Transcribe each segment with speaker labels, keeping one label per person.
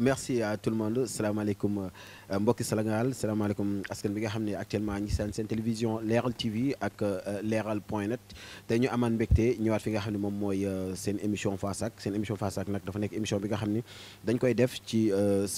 Speaker 1: merci à tout le monde salaamaaleykum euh, mbokki Sénégal salaamaaleykum askan bi nga xam ne actuellement ñi seen seen télévision Leral TV ak euh, Leral point net te ñu amaan mbégte ñëwaat fi nga xam ne moom mooy euh, seen émission Face Ak seen émission Face Ak nag dafa nekk émission bi nga xam ni dañ koy def ci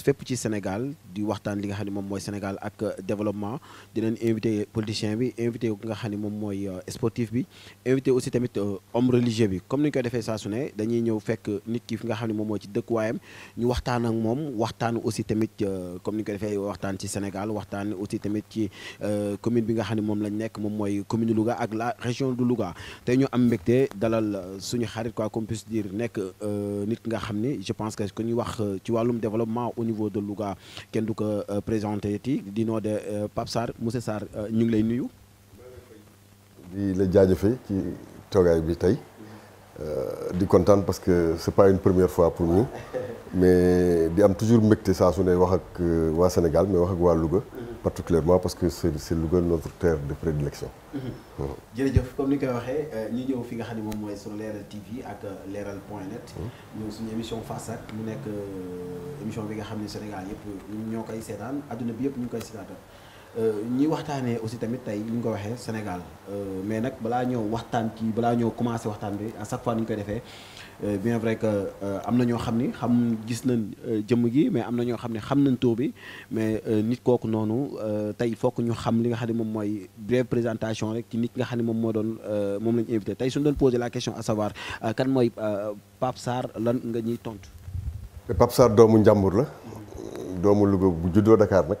Speaker 1: fépp ci Sénégal di waxtaan li nga xam ne moom mooy Sénégal ak développement dinañ invité politicien bi invité ki nga xam ne moom mooy sportif bi invité aussi tamit homme religieux bi comme ni ñu koy defee saa su ne dañuy ñëw fekk nit ki fi nga xam ne moom mooy ci dëkkuwaayam ñu waxtaan ak moom waxtaan aussi tamit euh, comme ni ko defee waxtaan ci Sénégal waxtaan aussi tamit ci euh, commune bi nga xam ne moom lañ nekk moom mooy commune luga ak la région de luga te ñu am mbégte dalal euh, suñu xarit quoi qu'on puisse dire nekk nit nga xam ni je pense que ku ñuy wax ci wàllum développement au niveau de Louga kenn du ko présenté ti dino de pap Sarr monsieur Sarr ñu ngi lay nuyu.
Speaker 2: di la jaajëfee ci toogaay bi tey. Euh, di kontaan parce que c'est pas une première fois pour nous mais di am toujours mbégte saa su ne wax ak euh, waa Sénégal mais wax ak waa Louga. particulièrement parce que c'est c'est Louga notre terre de prédilection. Mm-hmm. Mm-hmm.
Speaker 1: jërëjëf comme ni koy waxee euh, ñu ñëw fi nga xam ne moom mooy sur Leral TV ak Leral point net. Mm-hmm. ñëw suñu émission Face ak mu nekk émission bi nga xam ne Sénégal yëpp ñoo koy seetaan adduna bi yëpp ñu koy seetaan. Euh, ñi waxtaanee aussi tamit tey ñu ko waxee Sénégal euh, mais nag balaa ñëw waxtaan ci balaa ñëw commencé waxtaan bi à chaque ñu koy defee euh, bien vrai que am na ñoo xam ni xam gis nañ jëmm gi mais am na ñoo xam ne xam nañ tur bi mais nit kooku noonu tey fokk ñu xam li nga xam ne moom mooy brève présentation rek ci nit nga xam ne moom moo doon moom la ñu invité tey suñu doon posé la question à savoir kan mooy Pape Sarr lan nga ñuy tontu.
Speaker 2: Pape doomu Njàmbur la. doomu Louga bu juddoo Dakar nag.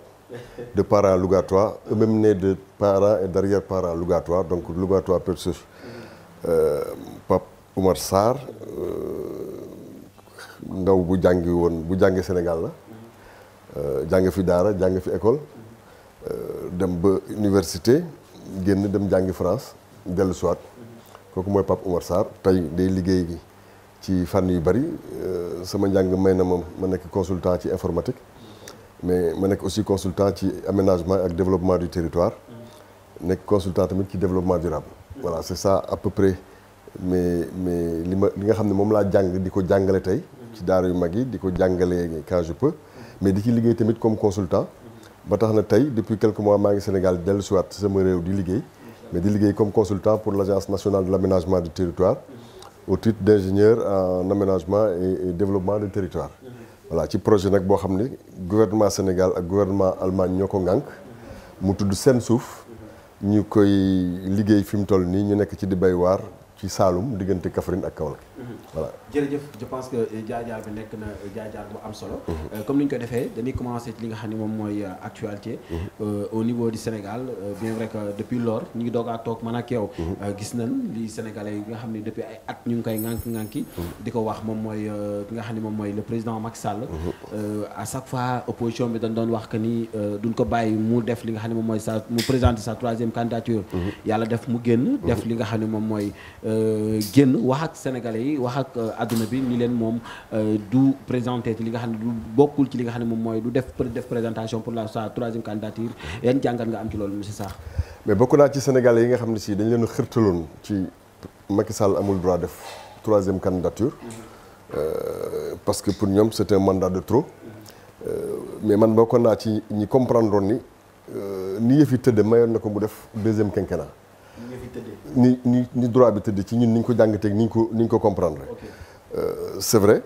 Speaker 2: de parents lougatois, eux-mêmes nés donc lougatois Persus, euh, Pape Oumar Sarr, euh, ndaw bu jàngi woon bu jàngi Sénégal la euh, jàng fi daara jàng fi école euh, dem ba université génn dem jàngi France dellu soit kooku mooy Pape Oumar Sarr tey day liggéey ci fànn yu bari sama njàng may na ma ma nekk consultant ci informatique mais ma nekk aussi consultant ci aménagement ak développement du territoire nekk consultant tamit ci développement durable voilà c'est ça à peu près mais mais li ma li nga xam ne moom laa jàng di ko jàngale tey ci daara yu mag yi di ko jàngale quand je peux mais di ci liggéey tamit comme consultant ba tax na tey depuis quelques mois maa ngi Sénégal dellu siwaat sama réew di liggéey mais di liggéey comme consultant pour l'agence nationale de l'aménagement du territoire au titre d'ingénieur en aménagement et développement du territoire voilà ci projet nag boo xam ni gouvernement Sénégal ak gouvernement Allemagne ñoo ko ŋànk mu tudd seen suuf ñu koy liggéey fi mu toll nii ñu nekk ci di bay waar ci Saalum diggante Kaffrine ak Kaolack voilà
Speaker 1: jërëjëf je pense que euh, jaar bi nekk na euh, jaar bu am solo. Mhm. Euh, comme ni ñu ko defee dañuy commencé ci li nga xam ne moom mooy actualité. Mhm. au niveau du Sénégal bien vrai que depuis lors ñu ngi doog a toog man ak yow. Mhm. gis nañ li Sénégalais yi nga xam ne depuis ay at ñu ngi koy ŋànk-ŋànki. di ko wax moom mooy ki nga xam ne moom mooy le président Macky sàll à chaque fois opposition bi dañ doon wax que ni duñ ko bàyyi mu def li nga xam ne moom mooy sa mu présenter sa troisième candidature. yàlla def mu génn. def li nga xam ne moom mooy génn wax ak sénégalais yi. bi wax ak euh, adduna bi ni leen moom euh, du présenté li nga xam ne du bokkul ci li nga xam ne moom mooy du def def présentation pour la sa troisième candidature mm-hmm. yan jàngat nga am ci loolu monsieur Sarr
Speaker 2: mais bokk naa ci Sénégal yi nga xam ne si dañ leen xërtaloon ci Macky Sall amul droit def troisième candidature mm-hmm. euh, parce que pour ñoom c'est un mandat de trop mm-hmm. euh, mais man bokkoon naa ci ñi comprendre ni euh, ni yëf yi tëdd mayoon na ko mu def deuxième quinquennat ni ni ni droit bi tëdd ci ñun ni ñu ko jàngatee ni ñu ko ni ñu ko comprendre. Euh, c'est vrai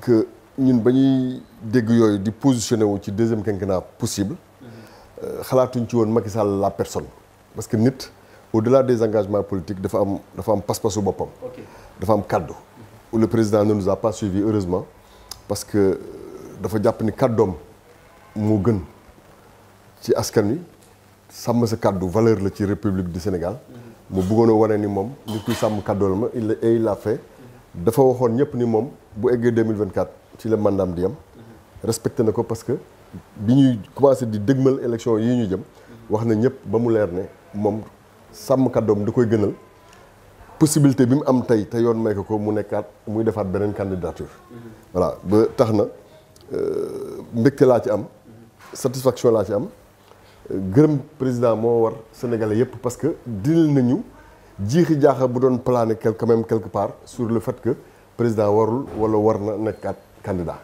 Speaker 2: que ñun ba ñuy dégg yooyu di positionné wu ci deuxième quinquennat possible. Euh, xalaatuñ ci woon Macky Sall la personne. parce que nit au-delà dés engagements politiques dafa am dafa am pas-pasu boppam. dafa am kaddu. le président ne nous a pas suivi heureusement parce que euh, dafa jàpp ni kaddoom moo gën ci askan wi sàmm sa kàddu valeur la ci république du Sénégal. Mhm. mu bëggoon a wane ni moom nit kuy sàmm kàddool ma il et il dafa waxoon ñëpp ni moom bu eggee 2024 ci la mandaam di yam respecté na ko parce que bi ñuy commencé di dëgmal élection yi ñu jëm wax na ñëpp ba mu leer ne moom sàmm kàddoom da koy gënal possibilité bi mu am tey te yoon may ko mu nekkaat muy defaat beneen candidature voilà ba tax na euh, mbégte laa ci am satisfaction laa ci am gërëm président moo war sénégalais yépp parce que dil nañu jiixi jaaxa bu doon plané quelque même quelque part sur le fait que président warul wala war na nekkaat candidat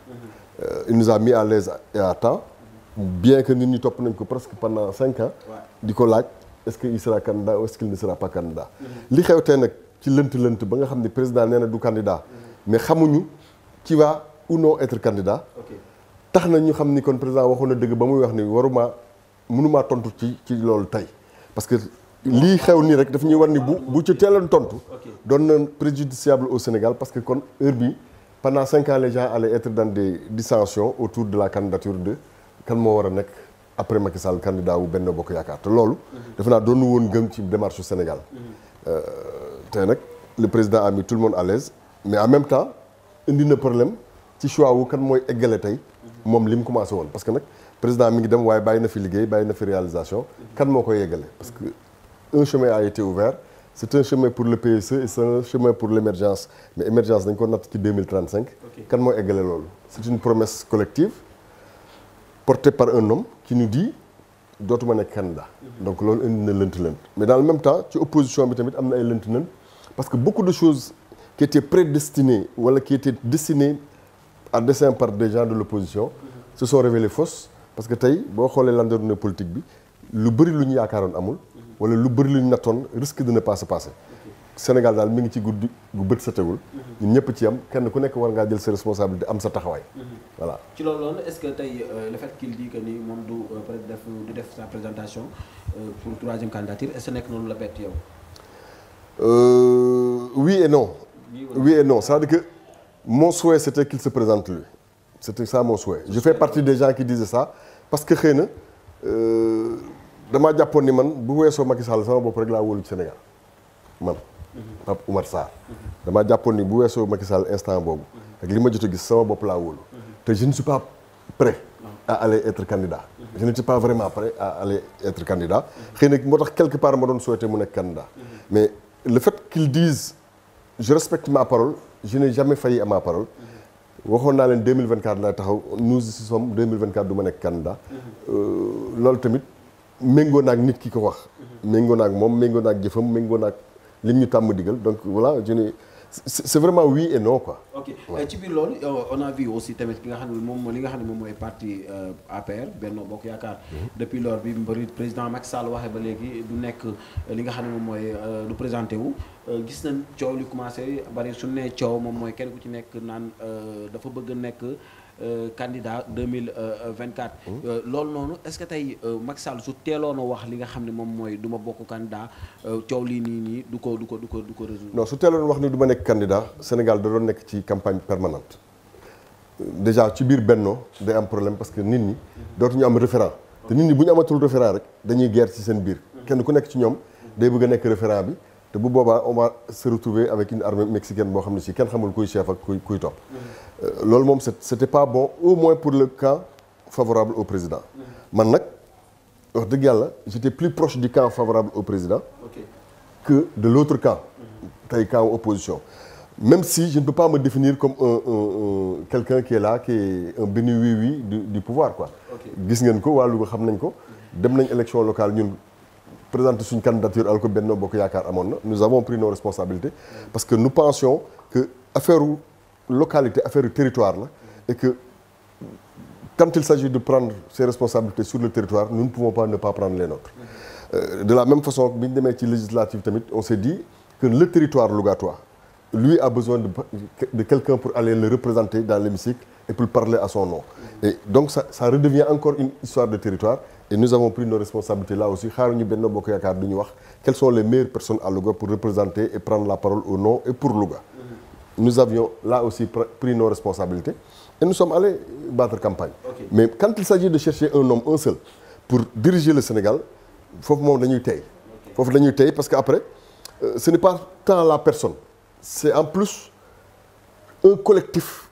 Speaker 2: euh, il nous a mis à l'aise et à temps bien que nit ñi topp nañ ko presque pendant cinq ans di ko laaj est-ce qu'il sera candidat ou est-ce qu'il ne sera pas candidat li xew tey nag ci lënt-lënt ba nga xam ne président nee na du candidat mm-hmm. mais xamuñu qui va ou non être candidat tax na ñu xam ni kon président waxoon na ba muy wax ni waruma mënumaa tontu ci ci loolu tey parce que lii xew nii rek daf ñuy war ni bu bu ci teeloon tontu doon na préjudiciable au Sénégal parce que kon heure bi pendant cinq ans les gens allaient être dans des dissensions autour de la candidature de kan moo war a nekk après Macky Sall candidat wu Benno Bokk Yaakaar te loolu mhm. dafa naa doon woon gëm ci démarche au Sénégal mhm. euh, tey nag le président a mis tout à l'aise mais en même temps indi na problème ci choix wu kan mooy eggale tey mhm. moom li mu commencé woon parce que nag président mi ngi dem waaye bàyyi na fi liggéey bàyyi na fi réalisation kan moo koy yeggale parce que un chemin a été ouvert c' un chemin pour le PSE et c' est un chemin pour l' émergence mais émergence dañ ko natt ci 2035 kan moo eggale loolu c' est une promesse collective portée par un homme qui nous dit dootuma nekk candidat donc loolu indi na lënt-lënt mais dans le même temps ci opposition bi tamit am na ay lënt-lënt parce que beaucoup de choses qui étaient prédestinées wala qui étaient destinées à dessein par des de l'opposition se sont révélées fausses parce que tey boo xoolee l'environnement politique bi lu bëri lu ñu yaakaaroon amul wala lu bëri lu ñu nattoon risque dina paase paase Sénégal daal mi ngi ci guddi gu bët sa tegul ñun ñëpp ci am kenn ku nekk war ngaa jël sa di am sa taxawaay voilà
Speaker 1: ci loolu noonu est-ce que tey euh, le moom du euh, def du def sa présentation euh, pour troisième nekk noonu la bett yow
Speaker 2: oui et non oui et non c'est-à-dire que mon souhait qu'il se présente lui c'était ça mon souhait je fais partie des gens qui disaient ça parce que xëy na euh, damaa jàppoon ni man bu weesoo Macky Sall sama bopp rek laa wóolu Sénégal man. Pape Oumar Sarr. damaa jàppoon ni bu weesoo Macky Sall instant boobu. ak li ma jot a gis sama bopp laa wóolu. te je ne suis pas prêt. à aller être candidat. je ne pas vraiment prêt à aller être candidat. xëy na moo tax quelque part ma doon souhaité mu nekk candidat. mais le fait qu'ils diise je respecte ma parole je n'ai jamais failli à ma parole. waxoon naa leen 2024 laa taxaw nous y sommes 2024 du ma nekk candidat euh, loolu tamit méngoo naag nit ki ko wax mhm. méngoo naag moom méngoo naag jëfam méngoo naag lim ñu tàmm digal donc voilà je c'est vraiment oui et non quoi.
Speaker 3: ok euh, ci biir loolu
Speaker 1: on a aussi tamit ki nga xam ne moom li nga xam ne mooy parti euh, APR benn Bokk Yaakaar. Mhm. depuis lors bi mbëri président Macky Sall waxee ba léegi du nekk euh, li nga xam ne moom mooy du présenté wu. gis na coow li commencé bari su ne coow moom mooy kenn ku ci nekk naan dafa bëgg a nekk. Euh, candidat 2024. Mmh. Euh, loolu noonu est-ce que tey euh, Macky su teeloon wax li nga xam ne moom mooy du ma bokk candidat coow lii nii nii du ko du ko du ko du ko résoudre. non
Speaker 2: su teeloon wax ni du ma nekk candidat Sénégal da doon nekk ci campagne permanente déjà ci biir Benno day am problème parce que nit ñi dootuñu am référent te nit ñi bu ñu amatul référent rek dañuy guerre ci seen biir. Mmh. kenn ku nekk ci ñoom de bëgg a nekk référent bi. te bu boobaa on va se retrouver avec une armée mexicaine boo xam ne si kenn xamul kuy chef ak kuy kuy Euh, loolu moom c'était pas bon au moins pour le camp favorable au président man nag wax dëgg yàlla j'étais plus proche du camp favorable au président okay. que de l'autre camp tey camp opposition même si je ne peux pas me définir comme un, un, un quelqu'un qui est là qui est un béni oui oui du, du pouvoir gis ngeen ko waa Louga xam nañ ko dem nañ élection locale ñun présenter suñu candidature al ko Benno Bokk Yaakaar amoon na nous avons pris nos responsabilités parce que nous pensions que affaire localité affaire territoire la et que quand il s'agit de prendre ses responsabilités sur le territoire nous ne pouvons pas ne pas prendre les nôtres euh, de la même façon bi ñu demee ci législative tamit on s'est dit que le territoire lougatois lui a besoin de de quelqu'un pour aller le représenter dans l'hémicycle et pour parler à son nom et donc ça redevient encore une histoire de territoire et nous avons pris nos responsabilités là aussi xaaruñu Benno Bokk nous avions là aussi pris nos responsabilités et nous sommes allés battre campagne. Mais quant il s'agit de chercher un nom un seul, pour diriger le Sénégal, foofu moom dañuy tey. foofu dañuy tey parce que après euh, ce n'est pas la personne c'est en plus un collectif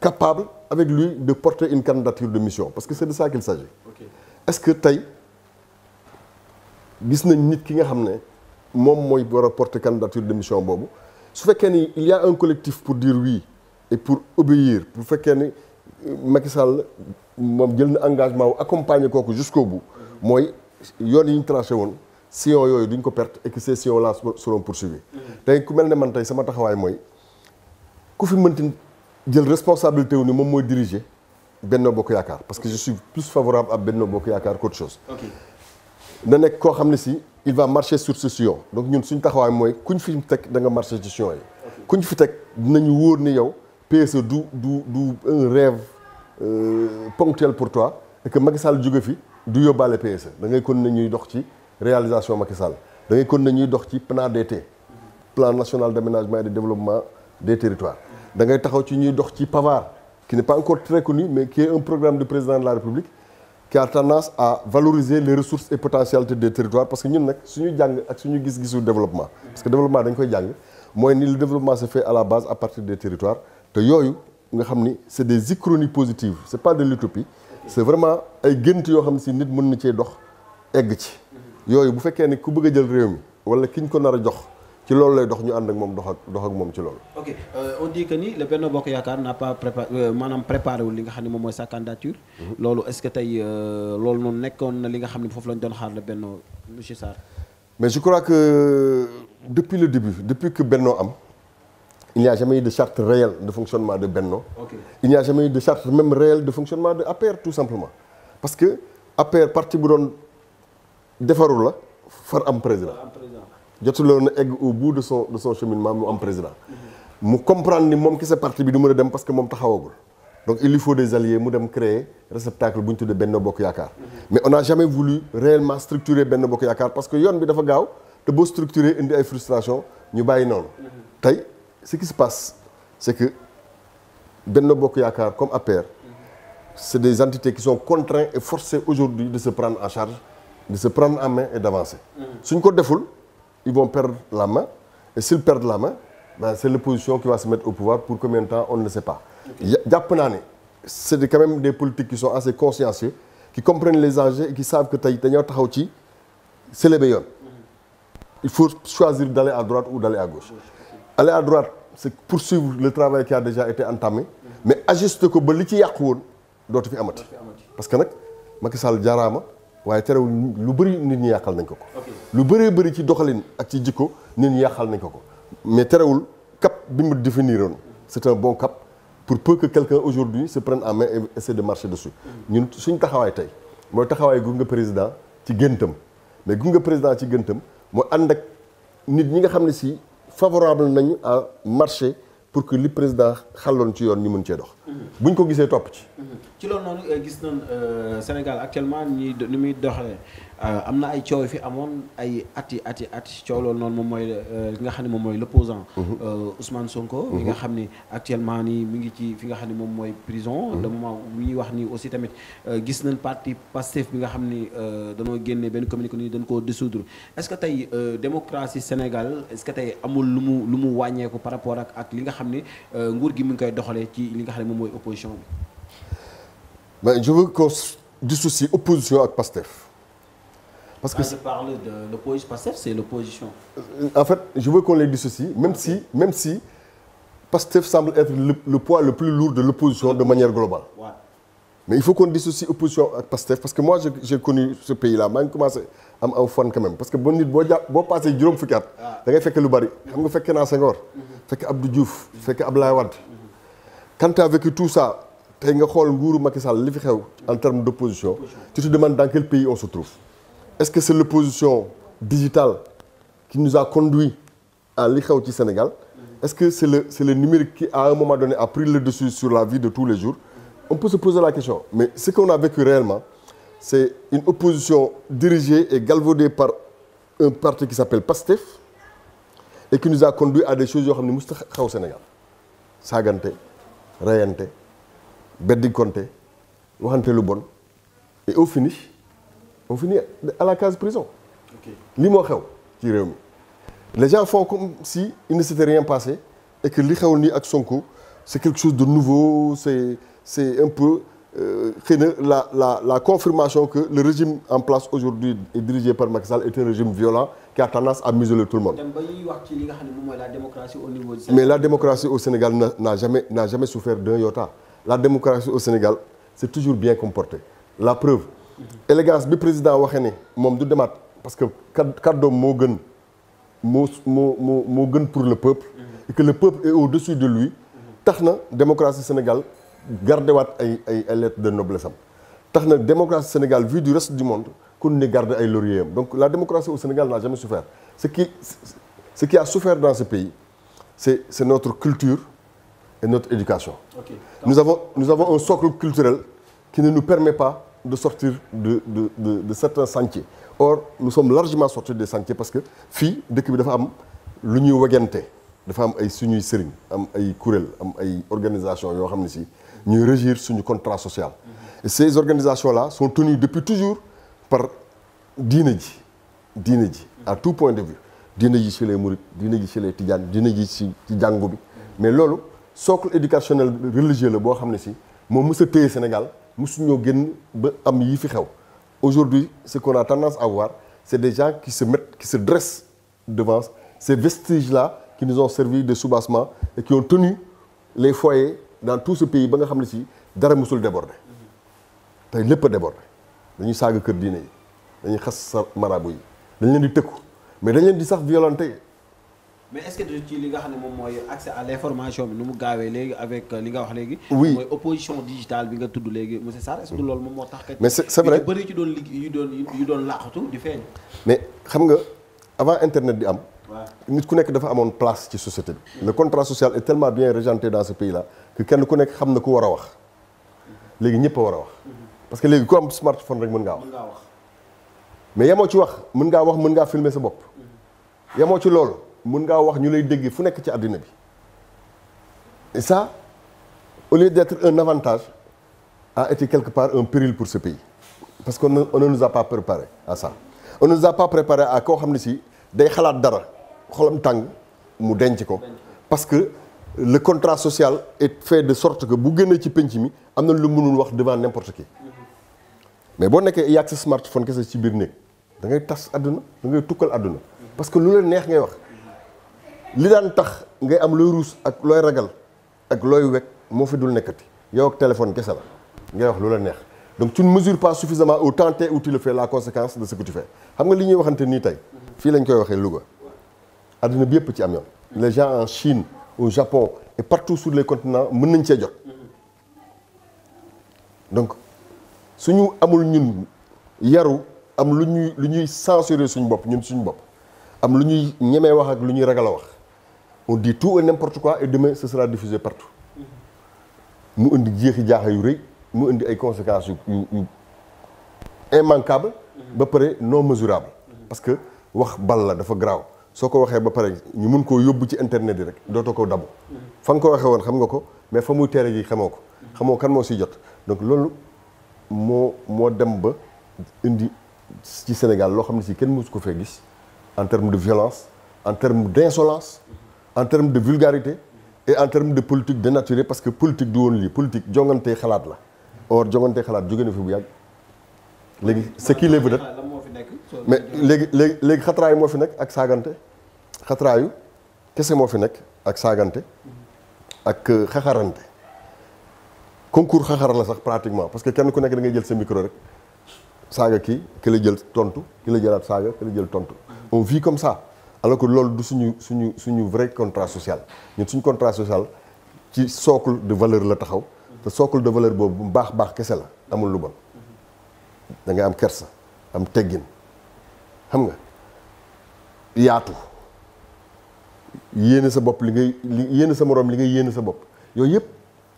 Speaker 2: capable avec lui de porter une candidature de mission parce que c'est de ça qu'il s'agit est-ce que tey gis nañ nit ki nga xam ne moom mooy war a porter candidature de mission boobu su fekkee ni il y un collectif pour dire oui et pour obéir bu fekkee ni euh, Macky moom jël na engagement wu accompagner kooku jusqu'au bu mooy yoon yi ñu tracé woon sillons yooyu duñ ko perte et que ces sillons là te ku mel ne man tey sama taxawaay mooy ku fi mënti jël responsabilité wu ni moom mooy diriger Benno Bokk Yaakaar parce que je suis plus favorable benn Benno Bokk Yaakaar qu'autre chose na nekk koo xam ne si il va marché sur ce sillon donc ñun suñu taxawaay mooy kuñ fi teg da nga marcher ci sillon yi kuñ fi teg dinañu wóor ni yow PSE du du du un rêve euh, ponctuel pour toi et que Macky Sall jóge fi du yóbbaale PSE da ngay kon na ñuy dox ci réalisation Macky Sall da kon na ñuy dox ci PNADT plan national d'aménagement et de développement des territoires da ngay taxaw ci ñuy dox ci PAVAR qui n'est pas encore très connu mais qui est un programme du président la République qui a tendance à valoriser les ressources et potentialités des territoires parce que ñun nag suñu jàng ak suñu gis-gisu développement parce que développement dañ koy jàng mooy ni le développement se fait à la base à partir des territoires te yooyu nga xam ni c'est des uchronies positives c'est pas de l'utopie c'est vraiment ay gént yoo xam ne si nit mun na cee dox egg ci yooyu bu fekkee ne ku bëgg jël réew mi wala ki ko nar a jox ci loolu lay dox ñu ànd ak moom dox ak dox ak moom
Speaker 1: euh, n'a pas prépa euh, maanaam préparé wul ne moom mooy sa candidature. Mhm. loolu euh, nekkoon na li nga xam ne foofu lañ doon xaar le Benno monsieur Sarr.
Speaker 2: mais je crois que depuis le début depuis que Benno am il n'y a jamais eu de charte réelle de fonctionnement de Benno. Okay. il n'y a jamais de charte même réelle de fonctionnement de APR tout simplement parce que APR parti bu doon defarul la far am président. jotuloon na egg au bout de son de cheminement mu am président mu comprendre ni moom kese parti bi du mën a dem parce que moom taxawagul donc il lui faut des alliés mu dem créer réceptacle bu ñu tuddee Benno Bokk Yaakaar mais on n'a jamais voulu réellement structurer Benno Bokk Yaakaar parce que yoon bi dafa gaaw te boo structurer indi ay frustration ñu bàyyi noonu tey ce qui se passe c'est que benn Bokk Yaakaar comme APR c'est des entités qui sont contraintes et forcées aujourd'hui de se prendre en charge de se mm-hmm. suñ ko deful ils vont perdre la main. Et s'ils perdent la main, ben c'est l'opposition qui va se mettre au pouvoir pour combien de temps, on ne sait pas. jàpp naa ne c'est quand même des politiques qui sont assez consciencieux, qui comprennent les enjeux et qui savent que dañoo taxaw ci célébé yoon. Mhm. il faut choisir d'aller à droite ou d'aller à gauche. aller à droite c'est poursuivre le travail qui a déjà été entamé. mais ajuster ko ba li ci yàqu woon dootu fi amati. parce que nag Macky Sall jaaraama. waaye terewul lu bëri nit ñu yàqal nañ ko ko. lu bëree bëri ci doxalin ak ci jikko nit ñi yàqal nañ ko ko mais terewul cap bi mu définiroon c'est un bon cap pour peu que quelqu'un aujourd'hui se prenne en main et essaie de marcher dessus. ñun suñ taxawaay tey mooy taxawaay nga président ci géntam mais nga président ci géntam mooy ànd ak nit ñi nga xam ne si favorable nañu à marché pour que li président xàlloon ci yoon ñu mën cee dox. bu ñu ko gisee topp ci.
Speaker 1: ci loolu noonu euh, gis nañ euh, Sénégal actuellement ñi ni muy doxalee euh, am na ay coow fi amoon ay ati ati ati coow loolu noonu moom mooy li nga xam ne moom mooy l'opposant mhm. Ousmane Sonko. mi mhm. nga xam ni actuellement nii mu ngi ci fi nga xam ne moom mooy prison. le mhm. moment bu ñuy wax nii aussi tamit gis nañ parti Pastef bi nga xam ni danoo génne benn communiqué nii dañ koo dissoudre est-ce que tey démocratie Sénégal est-ce que tey amul lu mu lu mu wàññeeku par rapport ak ak li nga xam ne nguur gi mi ngi koy doxalee ci li nga xam moom mooy opposition bi.
Speaker 2: mais je veux qu'on dissocie opposition ak Pastef.
Speaker 1: parce que quand je parle de l'opposition Pastef c'est
Speaker 2: l'opposition. Euh, en fait je si même si Pastef semble être le, le poids le plus lourd de l'opposition de manière globale. mais il faut qu'on dissocie opposition ak Pastef parce que moi j'ai j'ai connu ce pays-là maa ngi commencé am aw fan quand parce que ba nit boo jàpp boo passé juróom fukki at ah. da ngay fekk lu bari xam nga fekk naa Senghor. Mhm. fekk Abdou Diouf fekk Abdoulaye Wade. quand tu as vécu tout ça tey nga xool nguuru Macky Sall li fi xew en termes d'opposition tu te demandes dans quel pays on se trouve est-ce que c'est l'opposition digitale qui nous a conduit à li xew ci Sénégal est-ce que c'est le c'est le numérique qui à un moment donné a pris le dessus sur la vie de tous les jours on peut se poser la question mais ce qu'on a vécu réellement c'est une opposition dirigée et galvaudée par un parti qui s'appelle PASTEF et qui nous à des yoo xam ne musta xew Sénégal saagante reyante beddikonte waxante lu bon et au finish on finit à la case prison li moo xew ci réew mi les gens comme si il ne s'était rien passé et li xew nii ak Sonko c'est quelque chose de nouveau c'est c'est un peu Euh, xëy na la la la confirmation que le régime en place aujourd'hui est dirigé par Macky Sall est un régime violent qui a tendance à museler tout le monde. dem
Speaker 1: ba ñuy mais la
Speaker 2: démocratie au Sénégal n'a n'a jamais n'a jamais souffert d'un iota la démocratie au Sénégal c'est toujours bien comporté la preuve. élégance bi président waxee ni moom du demaat parce que kàddoom moo gën moo moo moo moo gën pour le peuple. Mm-hmm. et que le peuple est au-dessus de lui. tax na démocratie Sénégal. gardewaat ay ay ay lettres de noblesse tax na démocratie Sénégal vue du reste du monde kon ni garde ay lauriers am donc la démocratie au Sénégal n'a jamais souffert ce qui ce qui a souffert dans ce pays c'est c'est notre culture et notre éducation okay. nous avons nous avons un socle culturel qui ne nous permet pas de sortir de de de certains sentiers or nous sommes largement sortis des sentiers parce que fii dëkk bi dafa am lu ñuy wegante dafa am ay suñuy sëriñ am ay kuréel am ay organisation yoo xam ne si ñuy régir suñu contrat social. et ces organisations là sont tenues depuis toujours par diine ji diine ji à tout point de vue diine ji ci les murit diine ji ci les tijaan diine ji ci jàngu bi mais loolu socle éducationnel religieux la boo xam ne si moom mës a téye Sénégal mësuñoo génn ba am yii fi xew aujourd'hui ce qu'on a tendance à voir c'est des gens qui se mettent qui se dressent devant ces vestiges là qui nous ont servi de soubassement et qui ont tenu les foyers dans tout ce pays ba nga xam ne si dara musul déborder tey lépp a déborder dañuy saaga kër diine yi dañuy xas sa marabu yi dañ leen di tëkku mais dañ leen di sax violenté
Speaker 1: mais est-ce li nga xam ne moom mooy accès à l'information bi nu mu gaawee léegi avec euh, li nga wax léegi. oui mooy opposition bi nga tudd léegi monsieur Sarr est-ce loolu moom moo tax. mais c'est vrai yu bëri ci doon liggéey yu doon yu doon laaxatu di feeñ.
Speaker 2: mais xam nga avant internet di am. nit ku nekk dafa amoon place ci société bi le contrat social est tellement bien régenté dans ce pays là kenn ku nekk xam na ku war a wax léegi ñëpp a war a wax parce que léegi ku am smartphone rek mën ngaa wax mais yemoo ci wax mun ngaa wax mën ngaa filmer sa bopp yemoo ci loolu mun ngaa wax ñu lay dégg fu nekk ci àddina bi et ça au lieu d'être un avantage a été quelque part un péril pour ce pays parce que on ne nous a pas préparé à ça on ne nous koo xam ne si day xalaat dara xolam tàng mu denc ko parce que le contrat social est fait de sorte que bu génnee ci penc mi am na lu mënul wax devant n'importe ki mais boo nekkee yàgg sa smartphone kese ci biir néeg dangay tas àdduna da ngay tukkal àdduna parce que lu la neex ngay wax li daan tax ngay am looy ruus ak looy ragal ak looy wekk moo fi dul nekkati yow ak téléphone kese la ngay wax lu la neex donc tu ne mesures pas suffisamment au temps où tu le la conséquence de ce que li ñuy waxante nii tey fii lañ koy waxee Louga adduna bi yëpp ci am yoon les gens en Chine au Japon partout sur les continents mën nañ cee jot donc suñu amul ñun yaru am lu ñuy lu ñuy censurer suñu bopp ñun suñu bopp am lu ñuy ñemee wax ak lu ñuy ragal a wax on dit tout et n'importe quoi et demain ce sera diffusé partout mu indi jeexi jaaxa yu rëy mu indi ay conséquences yu yu immanquable ba pare non mesurable parce que wax bal la dafa grave soo ko waxee ba pare ñu mun koo yóbbu ci internet yi rek dootoo ko dabu mm-hmm. fa nga ko waxee woon xam nga ko mais fa muy teere ji xamoo ko mm-hmm. xamoo kan moo si jot donc loolu moo moo dem ba indi ci Sénégal loo xam ne si kenn mosu ko fee gis en terme de violence en terme d'insolence mm-hmm. en terme de vulgarité et en terme de politique nature parce que politique du woon lii politique jongante xalaat la or jongante xalaat jóge na fi bu yàgg léegi ce qui les veut mais léegi léegi léegi xatraayu moo fi nekk ak saagante xatraayu kese moo fi nekk ak saagante ak euh, xaxarante concours xaxar la sax pratiquement parce que kenn ku nekk da ngay jël sa micro rek saaga kii ki la jël tontu ki la jëlaat saaga ki la jël tontu on vit comme ça alors que loolu du suñu suñu suñu vrai contrat social ñun suñu contrat social ci socle de valeur la taxaw te socle de valeur boobu baax baax kese la amul lu bon da ngay am kersa am teggin xam nga yaatu yéene sa bopp li ngay yéene sa moroom li ngay yéene sa bopp yooyu yëpp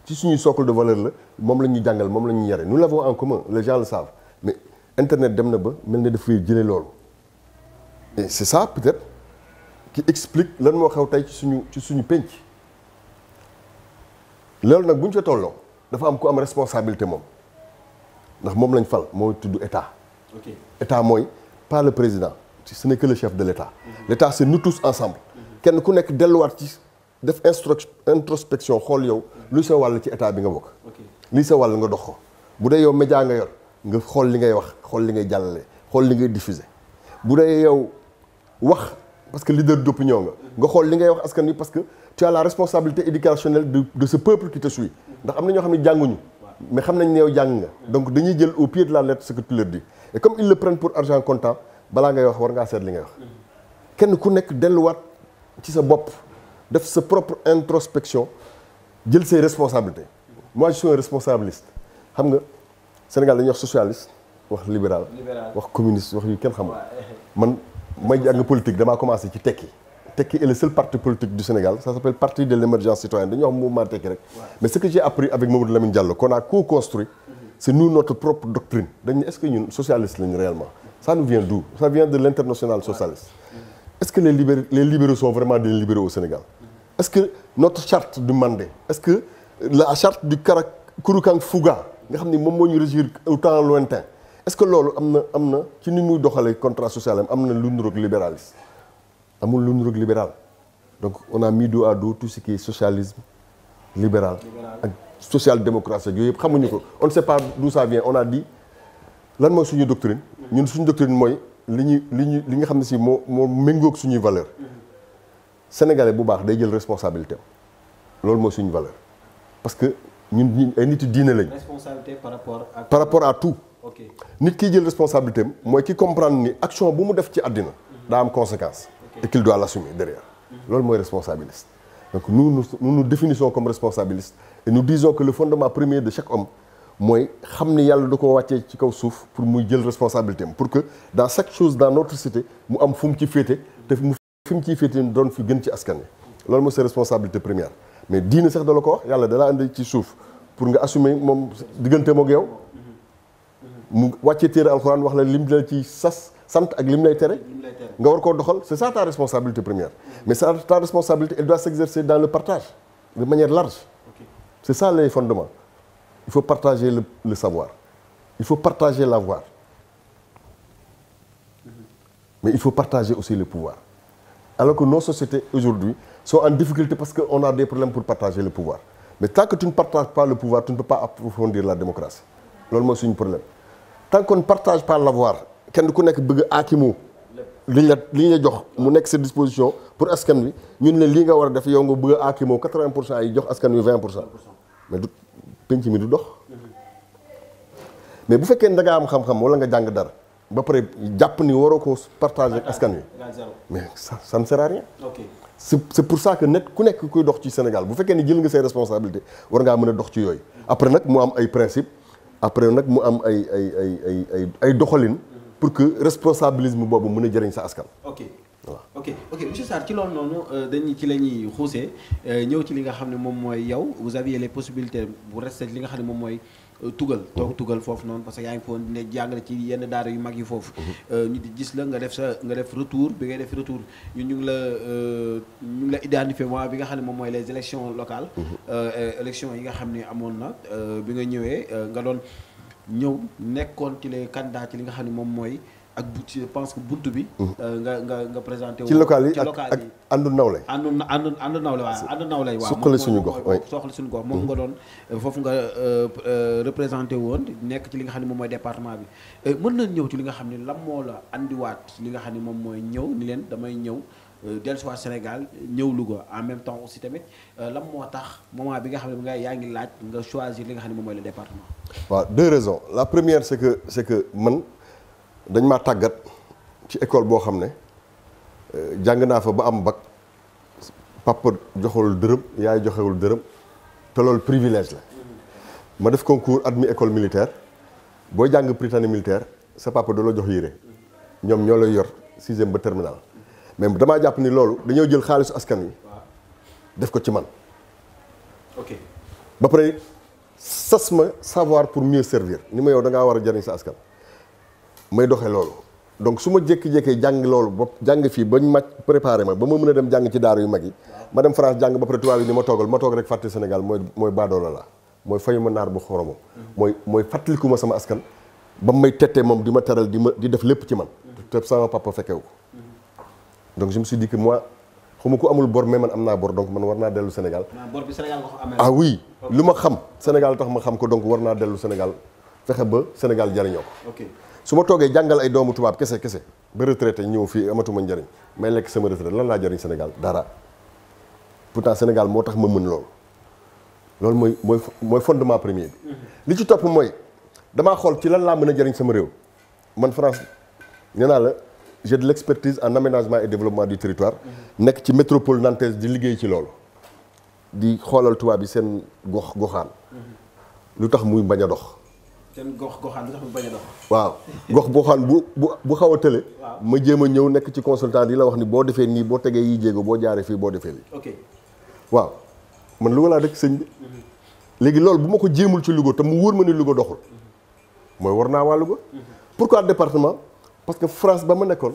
Speaker 2: ci suñuy socle de valeur la moom la ñu jàngal moom la ñu yare nous l'avons en commun les gens saabu mais internet dem na ba mel def dafay jëlee loolu et c'est ça peut-être ki explique lan moo xew tey ci suñu ci suñu penc loolu nag bu ñu ca tolloo dafa am ku am responsabilité moom ndax moom lañ fal moo tudd état. ok mooy. pas le président ci n'est que le chef de l'État l'État c'est nous tous ensemble kenn ku nekk delluwaat ci def introspection xool yow lu sa wàll ci état bi nga bokk lii sa wàll nga dox ko bu dee yow média nga yor nga xool li ngay wax xool li ngay jàllale xool li ngay diffuser bu dee yow wax parce que leader d'opinion nga nga xool li ngay wax askan wi parce que tu as la responsabilité éducationnelle de de ce peuple qui te suit ndax am na ñoo xam ne jànguñu mais xam nañ ne yow jàng nga donc jël au la lettre ce que tu leur dis et comme ils le prennent pour argent comptant balaa ngay wax war ngaa seet li ngay wax kenn ku nekk delluwaat ci sa bopp def sa propre introspection jël ses responsabilités moi je suis responsabiliste xam nga Sénégal dañuy wax socialiste wax libéral wax communiste wax yu kenn xamul man may jàng politique damaa commencé ci tekki tekki est le parti politique du Sénégal ça s'appelle parti de l'émergence citoyenne dañuy wax mouvement tekki rek mais ce que j'ai c'est nous notre propre doctrine dañ ne est-ce que ñun socialiste lañu réellement ça nous vient d'où ça vient de l'international socialiste est-ce que les libéraux les libéraux sont vraiment des libéraux au Sénégal est-ce que notre charte du Mandé est-ce que la charte du Kara Kouroukan Fouga nga xam ni moom moo ñu régir au temps lointain est-ce que loolu am na am na ci ni muy doxalee contrat social am na lu nuroog libéraliste amul lu nuroog libéral donc on a mis dos à dos social démocrate yooyu yëpp xamuñu ko on ne sait pas d'où ça vient on a dit lan mooy suñu doctrine ñun suñu doctrine mooy li ñu li ñu li nga xam ne si moo moo méngoog suñuy valeur sénégalais bu baax day jël responsabilité loolu mooy suñu valeur parce que ñun ñu ay nit diine lañ.
Speaker 1: responsabilité par rapport à. par rapport tout. ok
Speaker 2: nit kiy jël responsabilité mooy ki comprendre ni action bu mu def ci àddina. daa am conséquence. et qu'il doit l'assumer derrière. Mm-hmm. loolu mooy responsabiliste. donc nous nous nous nous définissons comme responsabilistes et nous disons que le fondement premier de chaque homme mooy xam ni yàlla du ko wàccee ci kaw suuf pour muy jël responsabilité pour que dans chaque chose dans notre cité mu am fu mu ci féete te mu fi mu ciy féete doon fi gën ci askan wi loolu mooy sa responsabilité première mais diine sax da la ko wax yàlla da la ci suuf pour nga assumer moom diggante moog yow mu wàccee téere alxuraan wax la lim dal ci sas sant ak lim lay tere nga war koo doxal c'est ça ta responsabilité première mais ça ta responsabilité elle doit s'exercer dans le partage de manière large c'est ça les fondements il faut partager le, le savoir il faut partager l'avoir mm-hmm. mais il faut partager aussi le pouvoir alors que nos sociétés aujourd'hui sont en difficulté parce qu'on a des problèmes pour partager le pouvoir mais tant que tu ne partages pas le pouvoir tu ne peux pas approfondir la démocratie loolu mooy suñu problème tant qu'on partage pas l'avoir kenn ku nekk bëgg aakimu li ñu la li jox mu nekk sa disposition pour askan wi ñun ne lii nga war a def yow nga bëgg a aakimoo quatre pour cent yi jox askan wi vingt pour cent mais du penc mi du dox mais bu fekkee ne da ngaa am xam wala nga jàng dara ba jàpp ni waroo ko partager ak wi mais ça ça ne
Speaker 3: sert
Speaker 2: pour ça que net ku nekk kuy dox ci Sénégal bu fekkee ni jël nga say responsabilité war ngaa mën a dox ci yooyu après nag mu am ay principe après nag mu am ay ay ay ay ay ay doxalin pour que responsabilisme boobu mën a jëriñ sa askan. ok voilà
Speaker 1: ok ok monsieur Sarr ci loolu noonu euh, dañuy ci la ñuy euh, ñëw ci li nga xam ne moom mooy yow vous aviez les possibilités bu rester li nga xam ne moom mooy. Euh, tugal mhm. toog tugal foofu noonu parce que yaa ngi foon ne jàngale ci yenn daara yu mag yi foofu mhm. ñu di gis la nga def sa nga def retour bi ngay def retour ñun ñu la ñu ngi la identifié mois bi nga xam ne moom mooy les élections locales mhm. élections yi nga xam ne amoon na bi nga ñëwee ñëw nekkoon ci les candidats ci li nga xam ne moom mooy ak bu je pense que buntu bi. Mm-hmm. Euh, nga nga nga présenté. ci local yi ak ak àndu nawle. àndu àndu àndu nawle waaw àndu nawle waaw. suqali suñu gox mooy suqali suñu gox moom nga mm-hmm. doon euh, foofu nga euh, représenté woon nekk ci li nga xam ne moom mooy département bi mën nañ ñëw ci li nga xam ne lan moo la andiwaat li nga xam ne moom mooy ñëw ni leen damay ñëw. Euh, dellusiwaat Sénégal ñëw Louga en même temps aussi tamit euh, lan moo tax moment bi nga xam ne nga yaa ngi laaj nga choisir li nga ne moom mooy le
Speaker 2: waaw deux raisons la première c'est que c'est man dañ ma tàggat ci école boo xam ne euh, jàng naa fa ba am bac papa joxewul dërëm yaay joxewul dërëm te loolu privilège la. ma def concours admis école militaire boo jàng prytanée militaire sa papa da la jox yére ñoom ñoo lay yor sixième ba terminal mais damaa jàpp ni loolu dañoo jël xaalis askan wi def ko ci man ok ba pare sas ma savoir pour mieux servir ni ma yow dangaa ngaa war a jëriñ sa askan may doxee loolu donc su ma jékki-jékkee jàng loolu ba jàng fii bañ ma préparé ma ba ma mën a dem jàng ci daar yu mag yi ma dem France jàng ba pare tubaab yi ni ma toogal ma toog rek fàtte Sénégal mooy mooy baadoola la mooy fayu ma naar bu xoromo mooy mooy fàttaliku ma sama askan ba mu may tettee moom di ma teral di ma di def lépp ci man te sama papa fekkewu ko donc je me suis dit que moi xuma ku amul bor man am naa bor donc man war naa dellu Sénégal.
Speaker 1: Ah, bor bi Sénégal nga ko amee ah oui
Speaker 2: lu ma xam Sénégal tax ma xam ko donc war naa dellu Sénégal fexe ba Sénégal jariñoo ko. ok su ma toogee jàngal ay doomu tubaab kese kese ba retraité ñëw fii amatuma njariñ may lekk sama retraite lan laa jariñ Sénégal dara pourtant Sénégal moo tax ma mën loolu loolu mooy mooy mooy fondement premier bi. Mhm. li ci topp mooy damaa xool ci lan laa mën a jariñ sama réew man France nee la. j'ai de l'expertise en aménagement et développement du territoire nekk ci métropole nantaise di liggéey ci loolu di xoolal tubaab yi seen gox goxaan lu tax muy bañ a dox
Speaker 1: seen gox goxaan lu tax muy bañ a
Speaker 2: waaw gox goxaan bu bu bu xaw a tële ma jéem a ñëw nekk ci consultant di la wax ni boo defee nii boo tegee yi jéego boo jaaree fii boo defee lii ok waaw man Louga laa dëkk sëñ bi mhm. léegi loolu bu ma ko jéemul ci Louga te mu wóor ma ni Louga doxul mooy war naa waa Louga mhm. pourquoi département parce que France ba ma nekkoon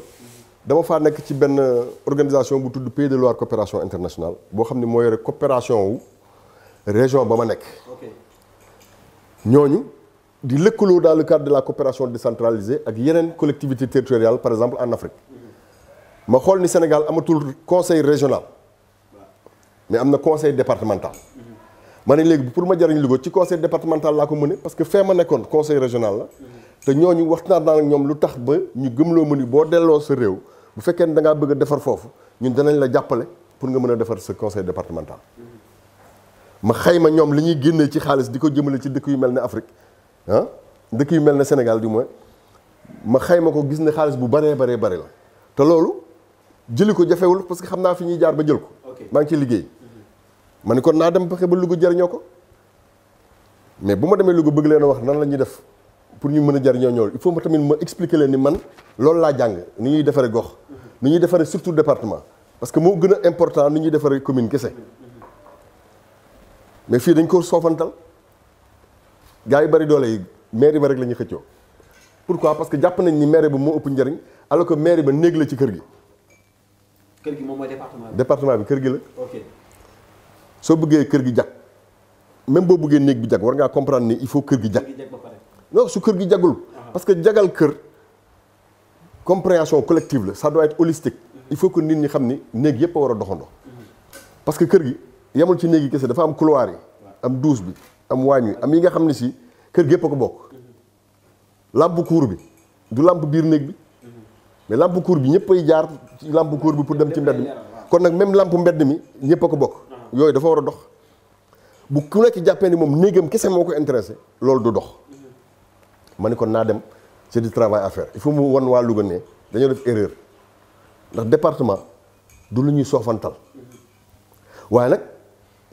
Speaker 2: dama faa nekk ci benn organisation bu tudd Pays de Loire coopération internationale boo xam ne moo yore coopération wu région ba ma nekk. ñooñu di lëkkaloo daal le cadre de la coopération décentralisée ak yeneen collectivité territoriales par exemple en Afrique ma xool ni Sénégal amatul conseil régional mais am na conseil départemental. ma ne léegi pour ma jariñ Louga ci conseil départemental laa ko mëne parce que fee ma nekkoon conseil régional la te ñu waxtaan naa ak ñoom lu tax ba ñu gëm loo mu ni boo delloo sa réew bu fekkee ne da bëgg defar foofu ñun danañ la jàppale pour nga mën a defar sa conseil départemental ma xayma ñoom li ñuy génnee ci xaalis di ko jëmalee ci dëkk yu mel ni Afrique ah dëkk yu mel ne Sénégal du moins ma xayma ko gis ne xaalis bu baree baree bare la te loolu jëli ko jafewul que xam naa fi ñuy jaar ba jël ko maa ngi ci liggéey ma ne kon naa dem fexe ba Louga jariñoo ko mais bu ma demee Louga bëgg leen a wax nan la ñuy def pour ñu mën a jariñoo ñool il faut ma tamit ma expliquer leen ni man loolu laa jàng ni ñuy defaree gox ni ñuy defaree surtout département parce que moo gën a important ni ñuy defaree commune kese mais fii dañ ko soofantal gars yi bari doole yi mairie ba rek la ñuy xëccoo pourquoi parce que jàpp nañ ni mairie ba moo ëpp njariñ alors que mairie ba néeg la ci kër gi.
Speaker 1: kër gi moom mooy département
Speaker 2: bi kër gi la. soo bëggee kër gi jag même boo buggee néeg bi jag war ngaa comprendre ne il faut kër gi jag non su kër gi jagul ah. parce que jagal kër compréhension collective la ça doit être il faut que nit ñi xam ni néeg yëpp a war a doxandoo parce que kër gi yemul ci néeg yi kese dafa am couloir yi am douche bi am waañ wi am yi nga xam ne si kër gi yëpp a ko bokk làmp kuur bi du làmp biir néeg bi mais làmp kuur bi ñëpp ay jaar ci làmp cour bi pour dem ci mbedd mi kon nag même làmp mbedd mi ñëpp ko bokk yooyu dafa war a dox bu ku nekk jàppee ni moom néegam kese moo ko intéressé loolu du dox ma ni kon naa dem c'est du travail affaire faire il faut mu wan waa Louga ne dañoo def erreur ndax département du lu ñuy soofantal waaye nag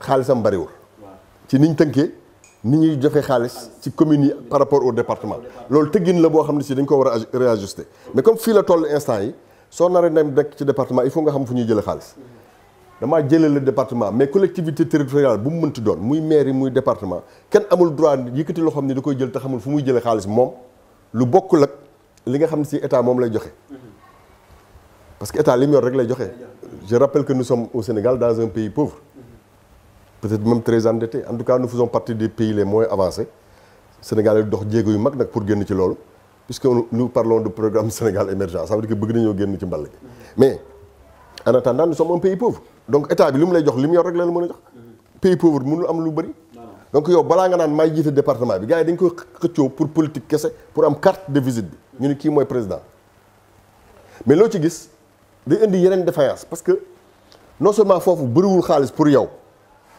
Speaker 2: xaalisam bariwul ci niñ tënkee ni ñuy joxe xaalis ci communes yi par rapport au département loolu tëggin la boo xam ne si dañ ko war a réajuster mais comme fii la toll instant yi soo naree dem rek ci département il faut nga xam fu ñuy jëlee xaalis damaa jëlee le département mais collectivité territoriale bu mu mënti doon muy mairie muy département kenn amul droit yëkkati loo xam ne da koy jël te xamul fu muy jëlee xaalis moom lu bokkul ak li nga xam ne si état moom lay joxe. parce que état lim yor rek lay joxe. je rappelle que nous sommes au Sénégal dans un pays pauvre. peut-être même très endetté en tout cas nous faisons partie des pays les moins avancés Sénégal dox jéego yu mag nag pour génn ci loolu puisque nous parlons de programme Sénégal émergent ça veut dire que bëgg nañoo génn ci mbal mais en attendant nous sommes un donc état bi li mu lay jox li mu yor rek la mën a jox pays pauvre mënul am lu bëri donc yow balaa nga naan maay jiite département bi gaa yi dañ koy xëccoo pour politique kese pour am carte de visite bi ñu ni kii mooy président mais loo ci gis day indi yeneen défaillance parce que non seulement foofu bëriwul xaalis pour yow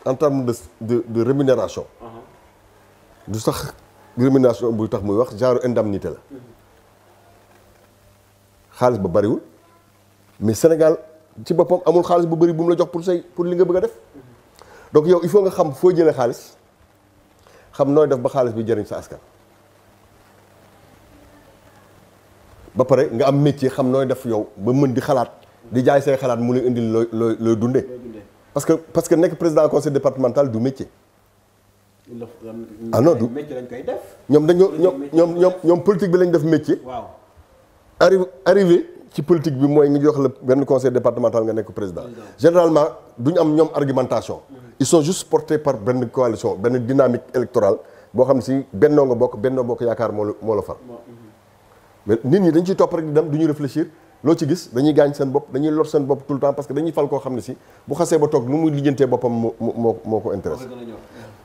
Speaker 2: en termes de de de rémunération uh-huh. du sax rémunération bu tax muy wax genre indemnité la uh-huh. xaalis ba bëriwul mais Sénégal ci boppam amul xaalis bu bari bu mu la jox pour say pour li nga bëgg a def donc yow il faut nga xam foo jëlee xaalis xam nooy def ba xaalis bi jëriñ sa askan. ba pare nga am métier xam nooy def yow ba mën di xalaat di jaay say xalaat mu lay indil looy looy looy dundee. parce que parce que nekk président conseil départemental du métier.
Speaker 1: Euh, ah non du métier lañ
Speaker 2: ñoom dañoo ñoom ñoom ñoom politique bi lañ def métier. waaw arrivé. ci politique bi mooy nga jox la benn conseil départemental nga nekk président généralement du ñu am ñoom argumentation ils sont juste portés par benn coalition benn dynamique électorale boo xam si bennoo nga bokk bennoo bokk yaakaar moo la moo la far nit ñi dañ ci topp rek di dem du ñu réfléchir loo ci gis dañuy gaañ seen bopp dañuy lor seen bopp tout le temps parce que dañuy fal koo xam ne si bu xasee ba toog lu muy lijjantee boppam moo moo moo ko intéressé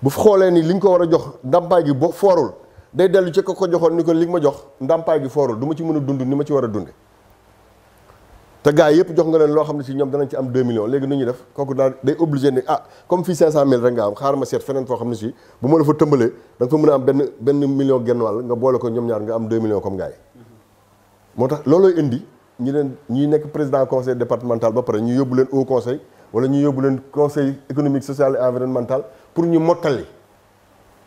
Speaker 2: bu xoolee ni li ñu ko war a jox ndàmpaay gi boo foorul day dellu ci ko joxoon ni ko li ma jox ndàmpaay gi foorul du ma ci mën a dund ni ma ci war a dunde te gars yi yëpp jox nga leen loo xam ne si ñoom danañ ci am 2 millions léegi nu ñuy def kooku daal day obligé ne ah comme fii 500000 rek nga am xaar ma seet feneen foo xam ne si bu ma la fa tëmbalee da fa mën a am benn benn million genn wàll nga boole ko ñoom ñaar nga am 2 millions comme gars moo tax loolooy indi ñi leen ñuy nekk président conseil départemental ba pare ñu yóbbu leen haut conseil wala ñu yóbbu leen conseil économique social et environnemental pour ñu mottali.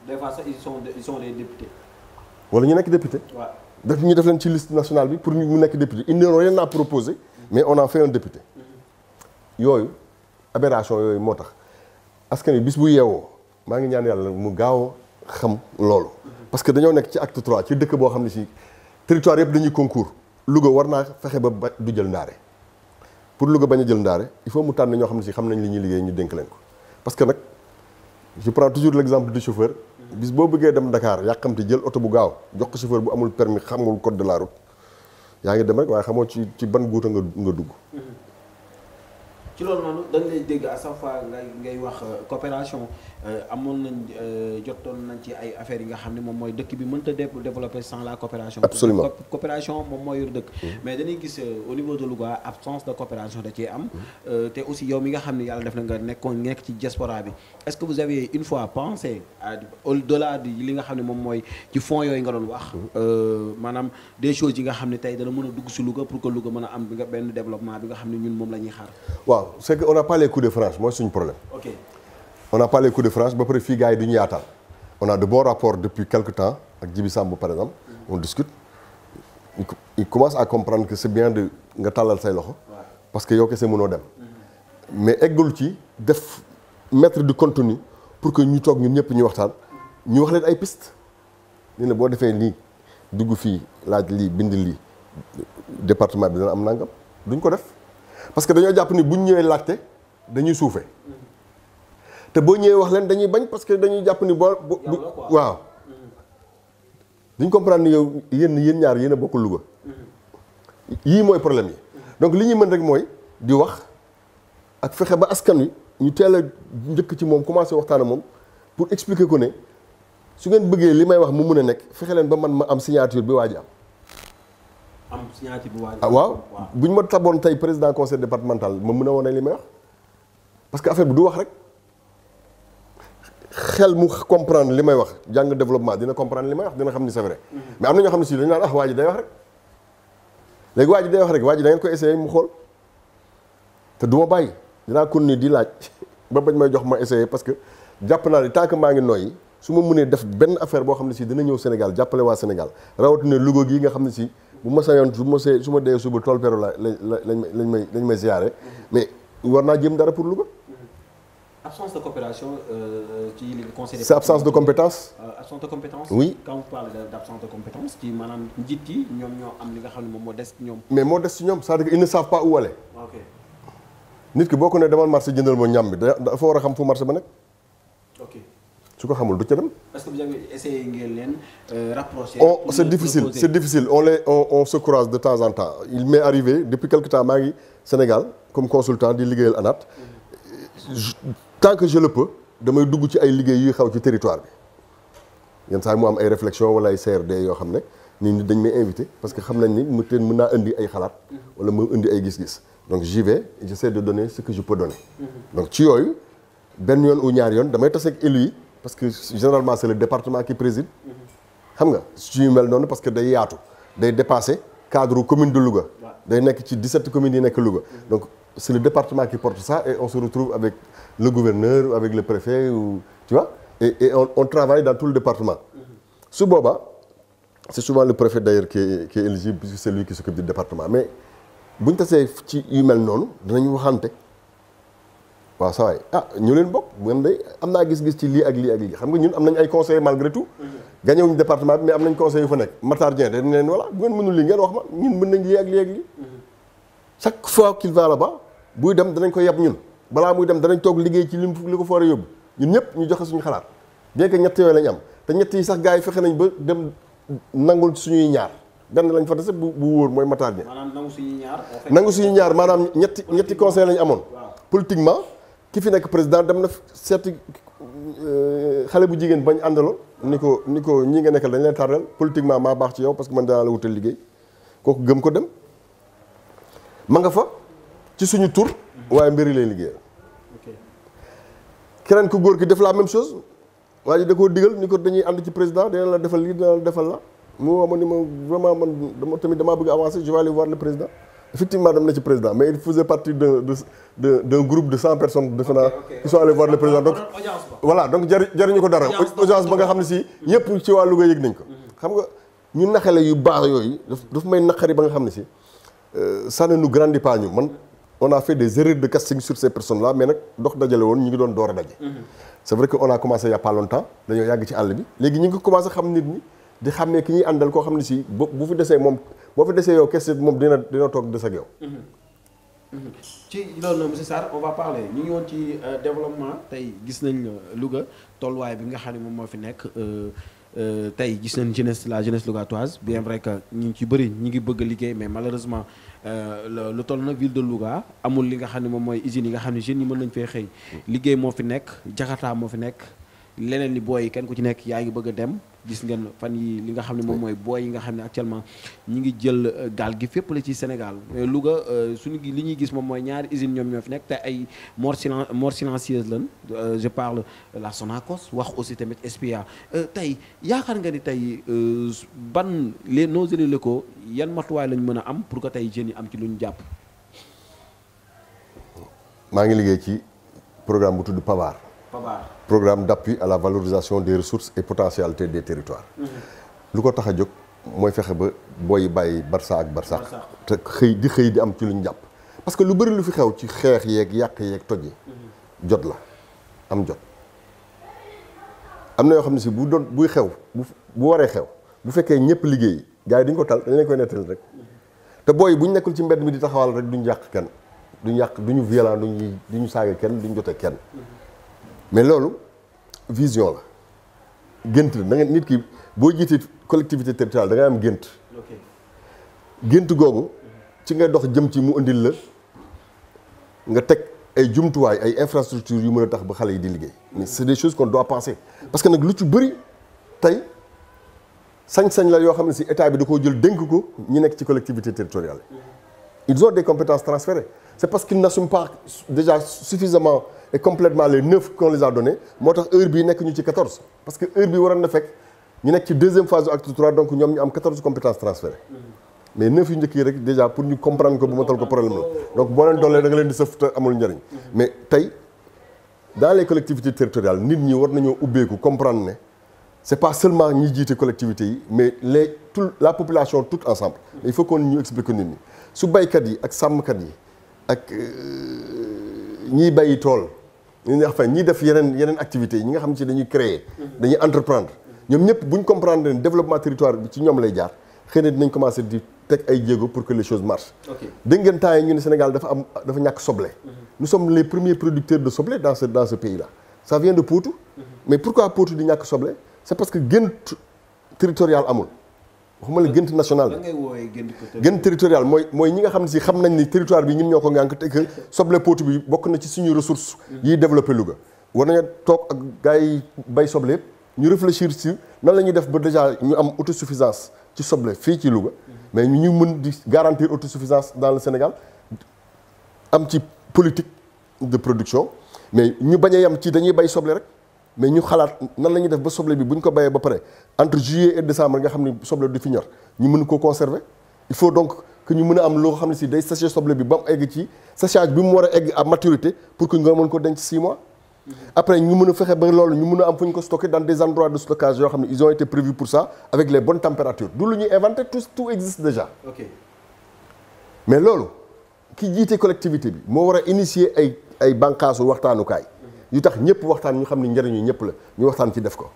Speaker 1: des fois sax ils sont ils sont ñu nekk député. waaw
Speaker 2: daf ñu def leen ci liste nationale bi pour ñu nekk député ils n'ont rien à proposer. mais on a fait un député. yooyu aberration yooyu moo tax askan wi bis bu yeewoo maa ngi ñaan yàlla mu gaaw xam loolu. parce que dañoo nekk ci acte trois ci dëkk boo xam ne si territoire yëpp dañuy concours Louga war naa fexe ba ba du jël ndaare pour Louga bañ a jël ndaare il faut mu tànn ñoo xam ne si xam nañ li ñuy liggéey ñu dénk leen ko parce que nag je prends toujours l'exemple du chauffeur. bis boo bëggee dem Dakar yàqamti jël oto bu gaaw jox ko chauffeur bu amul permis xamul code de la route. yaa ngi dem rek waaye xamoo ci ci ban guuta nga nga dugg.
Speaker 3: Mm-hmm.
Speaker 1: ci loolu noonu dañ lay dégg à chaque fois ngay ngay wax euh, coopération Euh, amoon nañ euh, jotoon nañ ci ay affaires yi nga xam ne moom mooy dëkk bi mënta développer sans la coopération. absolument coopération moom mooy yor dëkk. Mm-hmm. mais dañuy gis euh, au niveau de Louga absence de coopération da cee am. Mm-hmm. te aussi yow mi nga xam ne yàlla def na nga nekkoon nekk ci diaspora bi est-ce que vous avez une fois pensé à au-delà li nga xam ne moom mooy ci fonds yooyu nga doon wax. Mm-hmm. maanaam des choses yi nga xam ne tey dana mën a dugg si Louga pour que Louga mën a am benn développement bi nga xam ne ñun moom la ñuy xaar.
Speaker 2: waaw c'est que on n'a on n'a pas les coups de franche ba pare fii gars yi du yaatal on a de bons rapports depuis quelque temps ak Djibi Samb par exemple on discute il commence à comprendre que c'est bien de nga tàllal say loxo parce que yow kese mënoo dem mais eggul ci def mettre du contenu pour que ñu toog ñun ñëpp ñu waxtaan ñu wax leen ay piste ñu ne boo defee nii dugg fii laaj lii bind lii département bi dana am nangam duñ ko def parce que dañoo jàpp ni buñ ñëwee laajte dañuy suufee te boo ñëwee wax leen dañuy bañ parce que dañuy jàpp ni boo bu waaw duñ comprendre ni yow yéen yéen ñaar yéen a bokk Louga yii mooy problème yi donc li ñuy mën rek mooy di wax ak fexe ba askan wi ñu teel a njëkk ci moom commencé waxtaan ak moom pour expliquer ko ne su ngeen bëggee li may wax mu mun a nekk fexe leen ba man ma am signature bi waa ji am.
Speaker 1: am signature bi waa ji ah, waaw
Speaker 2: bu ñu ma taboon tey président conseil départemental ma mun a wane li may wax parce que affaire bi du wax rek. xel mu comprendre li may wax jàng développement dina comprendre li may wax dina xam ni c'est vrai mhm. mais am na ñoo xam ne si dañu naan ah waa day wax rek léegi waa ji day wax rek waaj ji da ngeen ko essayé mu xool te du ma bàyyi dinaa continuer di laaj ba bañ may jox ma essayé parce que jàpp naa ne tànk maa ngi nooyi su ma mënee def benn affaire boo xam ne si dina ñëw Sénégal jàppale waa Sénégal rawatina Louga gii nga xam ne si bu ma sañoon su ma see su ma dee suba tool peru la lañ lañ may lañ may ziyaare mhm. mais war naa jëm dara pour Louga
Speaker 1: absence de coopération euh, euh, ci li conseil. c'est absence de compétence. Euh, absence de compétence. oui quand vous parlez d'absence de compétence ci maanaam njiit yi ñoom ñoo am li nga xam ne moom moo des ci ñoom.
Speaker 2: mais moo des ci ñoom c'est-à-dire ils pas où aller. nit ki boo ko nee demal marché jëndal ma ñam bi dafa war a xam fu marché ba nekk. su ko xamul du ca dem.
Speaker 1: est que vous avez essayé ngeen leen rapprocher. on c'est difficile c'est difficile
Speaker 2: on les on on se de temps en temps il m'est arrivé depuis quelque temps maa ngi Sénégal comme consultant di liggéeyal ANAT. Mm-hmm. tant que je le peux damay dugg ci ay liggéey yuy xaw ci territoire bi yenn saa yi mu am ay réflexion wala ay CRD yoo xam ne nit ñi dañ may invité parce que xam nañ ni mu teen mën naa indi ay xalaat wala mu indi ay gis-gis donc j'y vais j'essaie de donner ce que je peux donner donc ci yooyu benn yoon u ñaar yoon damay tase ak yi parce que généralement c'est le département qui préside xam nga suñu mel noonu parce que day yaatu day dépasser cadre commune de Louga day nekk ci 17 communes yi nekk Louga donc c'est le département qui porte ça et on se retrouve avec le gouverneur ou avec le préfet ou tu et, on, on, dans tout le département. su booba c'est souvent le préfet d'ailleurs qui est, qui est éligible puisque c'est lui qui s'occupe du département mais bu ñu tasee ci yu mel noonu dinañu waxante waa saa waay ah ñu leen bokk bu day am naa gis-gis ci lii ak lii ak lii xam nga ñun am nañ ay conseillers malgré tout. gañewuñu département bi mais am nañ conseillers yu fa nekk Matar Dieng dañ lii ngeen wax ma mën nañ lii ak chaque fois qu'il va là buy dem danañ ko yeb ñun balaa muy dem danañ toog liggéey ci li li ko foore yóbbu ñun ñëpp ñu joxe suñu xalaat bien que ñett yooyu lañ am te ñetti sax gars yi fexe nañ ba dem nangul suñuy ñaar benn lañ fa dese bu bu wóor mooy Matar Dia.
Speaker 1: maanaam nangu suñuy ñaar. nangu suñuy
Speaker 2: ñaar maanaam ñetti ñetti conseil lañ amoon. politiquement ki fi nekk président dem na seeti
Speaker 1: euh,
Speaker 2: xale bu jigéen bañ àndaloo ni ko ni ko ñi nga nekkal dañ lay tardel politiquement maa baax ci yow parce que man danaa la wutal liggéey kooku gëm ko dem ma nga fa. ci suñu tur waaye mbir yi lay liggéey keneen ku góor ki def laa même chose waa ji da koo digal ñu ko dañuy ànd ci président dina la defal lii dina la defal la mu woo ma ni ma vraiment man dama tamit damaa bëgg avancer je vais aller voir le président effectivement dem na ci président mais il faisait partie de de d'un groupe de cent personnes defe naa qui sont allés voir le président donc voilà donc jari jariñu ko dara audience ba nga xam ne si ñëpp ci waa Louga yëg nañ ko mm-hmm. xam nga ñu naxale yu baax yooyu daf may naqari ba nga xam ne si euh, ça ne nous grandit man on a fait des erreurs de casting sur ces personnes mais nag dox dajale woon ñu ngi doon door a daje. Mhm. c'est vrai que on a commencé il dañoo yàgg ci àll bi léegi ñu ngi commencé xam nit ñi di xam ne ki ñuy àndal ko xam ne si bu fi desee moom boo fi desee yow kese moom dina dina toog des ak yow.
Speaker 4: Mhm. Mhm. ci
Speaker 1: loolu noonu monsieur Sarr on va parler ñu ngi woon ci euh, développement tey gis nañ euh, Louga tolluwaay bi nga xam ne moom moo fi nekk. Euh, tey gis nañ jeunesse la jeunesse lougatoise bien vrai que ñu ci bëri ñi ngi bëgg liggéey mais malheureusement Euh, lu toll nag ville de Louga amul li nga xam ne moom mooy usines yi nga xam ne jeunes yi mën nañu fee xëy mm. liggéey moo fi nekk Jakarta moo fi nekk leneen li booy kenn ku ci nekk yaa ngi bëgg a dem gis ngeen fan yi li nga xam ne moom mooy booy yi nga xam ne actuellement ñi ngi jël euh, gaal gi fépp la ci Sénégal euh, Louga euh, suñu li ñuy gis moom mooy ñaari usines ñoom ñoo fi nekk te ay mort silen mort silencieuse lan je parle la Sonacos wax aussi tamit SPIA tey yaakaar nga ni tey ban les nos élus locaux yan matuwaay lañ mën a am pour que tey jeunes yi am ci lu ñu jàpp
Speaker 2: maa ngi liggéey ci programme bu tudd Pavar programme d'appui à la valorisation des ressources et potentialités de territoires lu ko tax a jóg mooy fexe ba booy bàyyi barça ak barsax te xëy di xëy di am ci luñ jàpp parce que lu bëri lu fi xew ci xeex yeeg yàq yeeg toj yi jot la am jot am na yoo xam ne si bu doon buy xew bu bu waree xew bu fekkee ñëpp liggéey gars yi duñ ko tal dañ leen koy nettali rek te booy bu ñu nekkul ci mbedd mi di taxawal rek duñ yàq kenn duñ yàq duñu violent duñu duñu saaga kenn duñ jote kenn mais loolu vision la gént la da nga nit ki boo jiitee collectivité territoriale da nga am gént gént googu ci nga dox jëm ci mu indil la nga teg ay jumtuwaay ay infrastructures yu mën a tax ba xale yi di liggéey mais c'est des choses qu'on doit penser parce que nag lu ci bëri tey sañ-sañ la yoo xam ne si état bi da koo jël dénk ko ñu nekk ci collectivité territoriale ils ont des compétences transférées c'est parce que n'assument pas déjà suffisamment et complètement les neuf qu'on les moo tax heure bii nekk ñu ci quatorze parce que heure bii waroon na fekk ñu nekk ci deuxième phase acte trois donc ñoom ñu am quatorze compétences transférées mm. mais neuf yu njëkk yi rek déjà pour ñu comprendre ko bu matal ko problème la donc boo leen doolee da nga leen di sëf amul njëriñ mm-hmm. mais tey dans les collectivités nit ñi war nañoo ubbeeku comprendre ne c'est pas seulement jiite collectivités yi mais les tout la population toute ensemble mm-hmm. il faut qu'on ñu explique nit ñi su baykat yi ak sàmmkat yi ak euh, ñiy bàyyi tool ñu ne enfin ñiy def yeneen yeneen activités yi ñi nga xam ci dañuy créer mhm. dañuy entreprendre ñoom ñëpp buñ comprendre développement territoire bi ci ñoom lay jaar xëy na dinañ commencé di teg ay jéego pour que les choses marchent dégg ñu ne Sénégal dafa am dafa ñàkk soble mhm. nous sommes les premiers producteurs de soble dans ce dans ce pays là ça vient de Potou mhm. mais pourquoi Potou di ñàkk soble c'est parce que gént territorial amul waxuma la gént national
Speaker 1: bi gént
Speaker 2: territorial mooy mooy ñi nga xam ne si xam nañ ni territoire bi ñun ñoo ko ngànk te que soble potu bi bokk na ci suñu ressource yiy développé Louga war nañu toog ak gars yi bay soble yëpp ñu réfléchir si nan la ñuy def ba déjà ñu am autosuffisance ci soble fii ci Louga mais ñu mën di garantir autosuffisance dans le Sénégal am ci politique de production mais ñu bañ a yem ci dañuy bay soble rek mais ñu xalaat nan la def ba soble bi bu ñu ko bayee ba pare entre juillet et décembre nga xam ne soble du fi ñor ñu mën ko conserver il faut donc que ñu mën a am loo xam ne si day séché soble bi ba mu egg ci séchage bi mu war a egg à maturité pour que nga mën ko denc 6 mois. après ñu mën a fexe ba loolu ñu mën a am fu ñu ko stocké dans des endroits de stockage yoo xam ne ils ont été prévus pour ça avec les bonnes températures du lu ñu inventé tout tout mais loolu ki jiite collectivité bi moo war a initier ay ay waxtaanukaay. yu tax ñëpp waxtaan ñu xam ne njëriñu ñëpp la ñu waxtaan ci def ko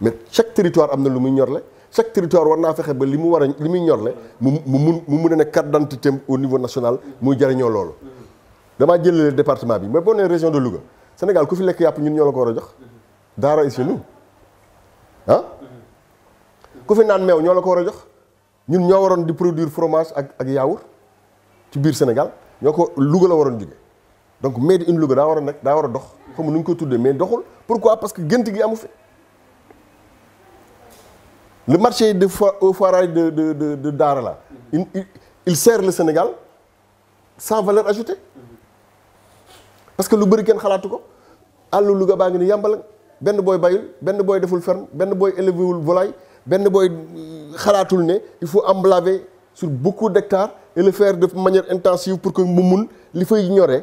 Speaker 2: mais chaque territoire am na lu muy ñorle chaque territoire war naa fexe ba li mu war a li muy ñorle mu mu mun mu mun a ne carte au niveau national muy jëriñoo loolu damaa jëlale département bi mais boo nee région de Louga Sénégal ku fi lekk yàpp ñun ñoo la ko war a jox daara is nous ah ku fi naan meew ñoo la ko war a jox ñun ñoo waroon di produire fromage ak ak yaourt ci biir Sénégal ñoo ko Louga la waroon jóge donc made in Louga daa war a nag daa war a dox xam nu ñu ko tuddee mais doxul pourquoi parce que gént gi amu fi le marché de fo au foirail de de de de Daara là mhm. il, il sert le Sénégal sans valeur ajoutée mhm. parce que lu bëri kenn xalaatu ko àllu Louga baa ngi ni yàmbala benn booy bayul benn booy deful ferme benn booy élevé wul volaille benn booy euh, xalaatul ne il faut emblaver sur beaucoup dectare et le faire de manière intensive pour que mu mun li fay ñoree.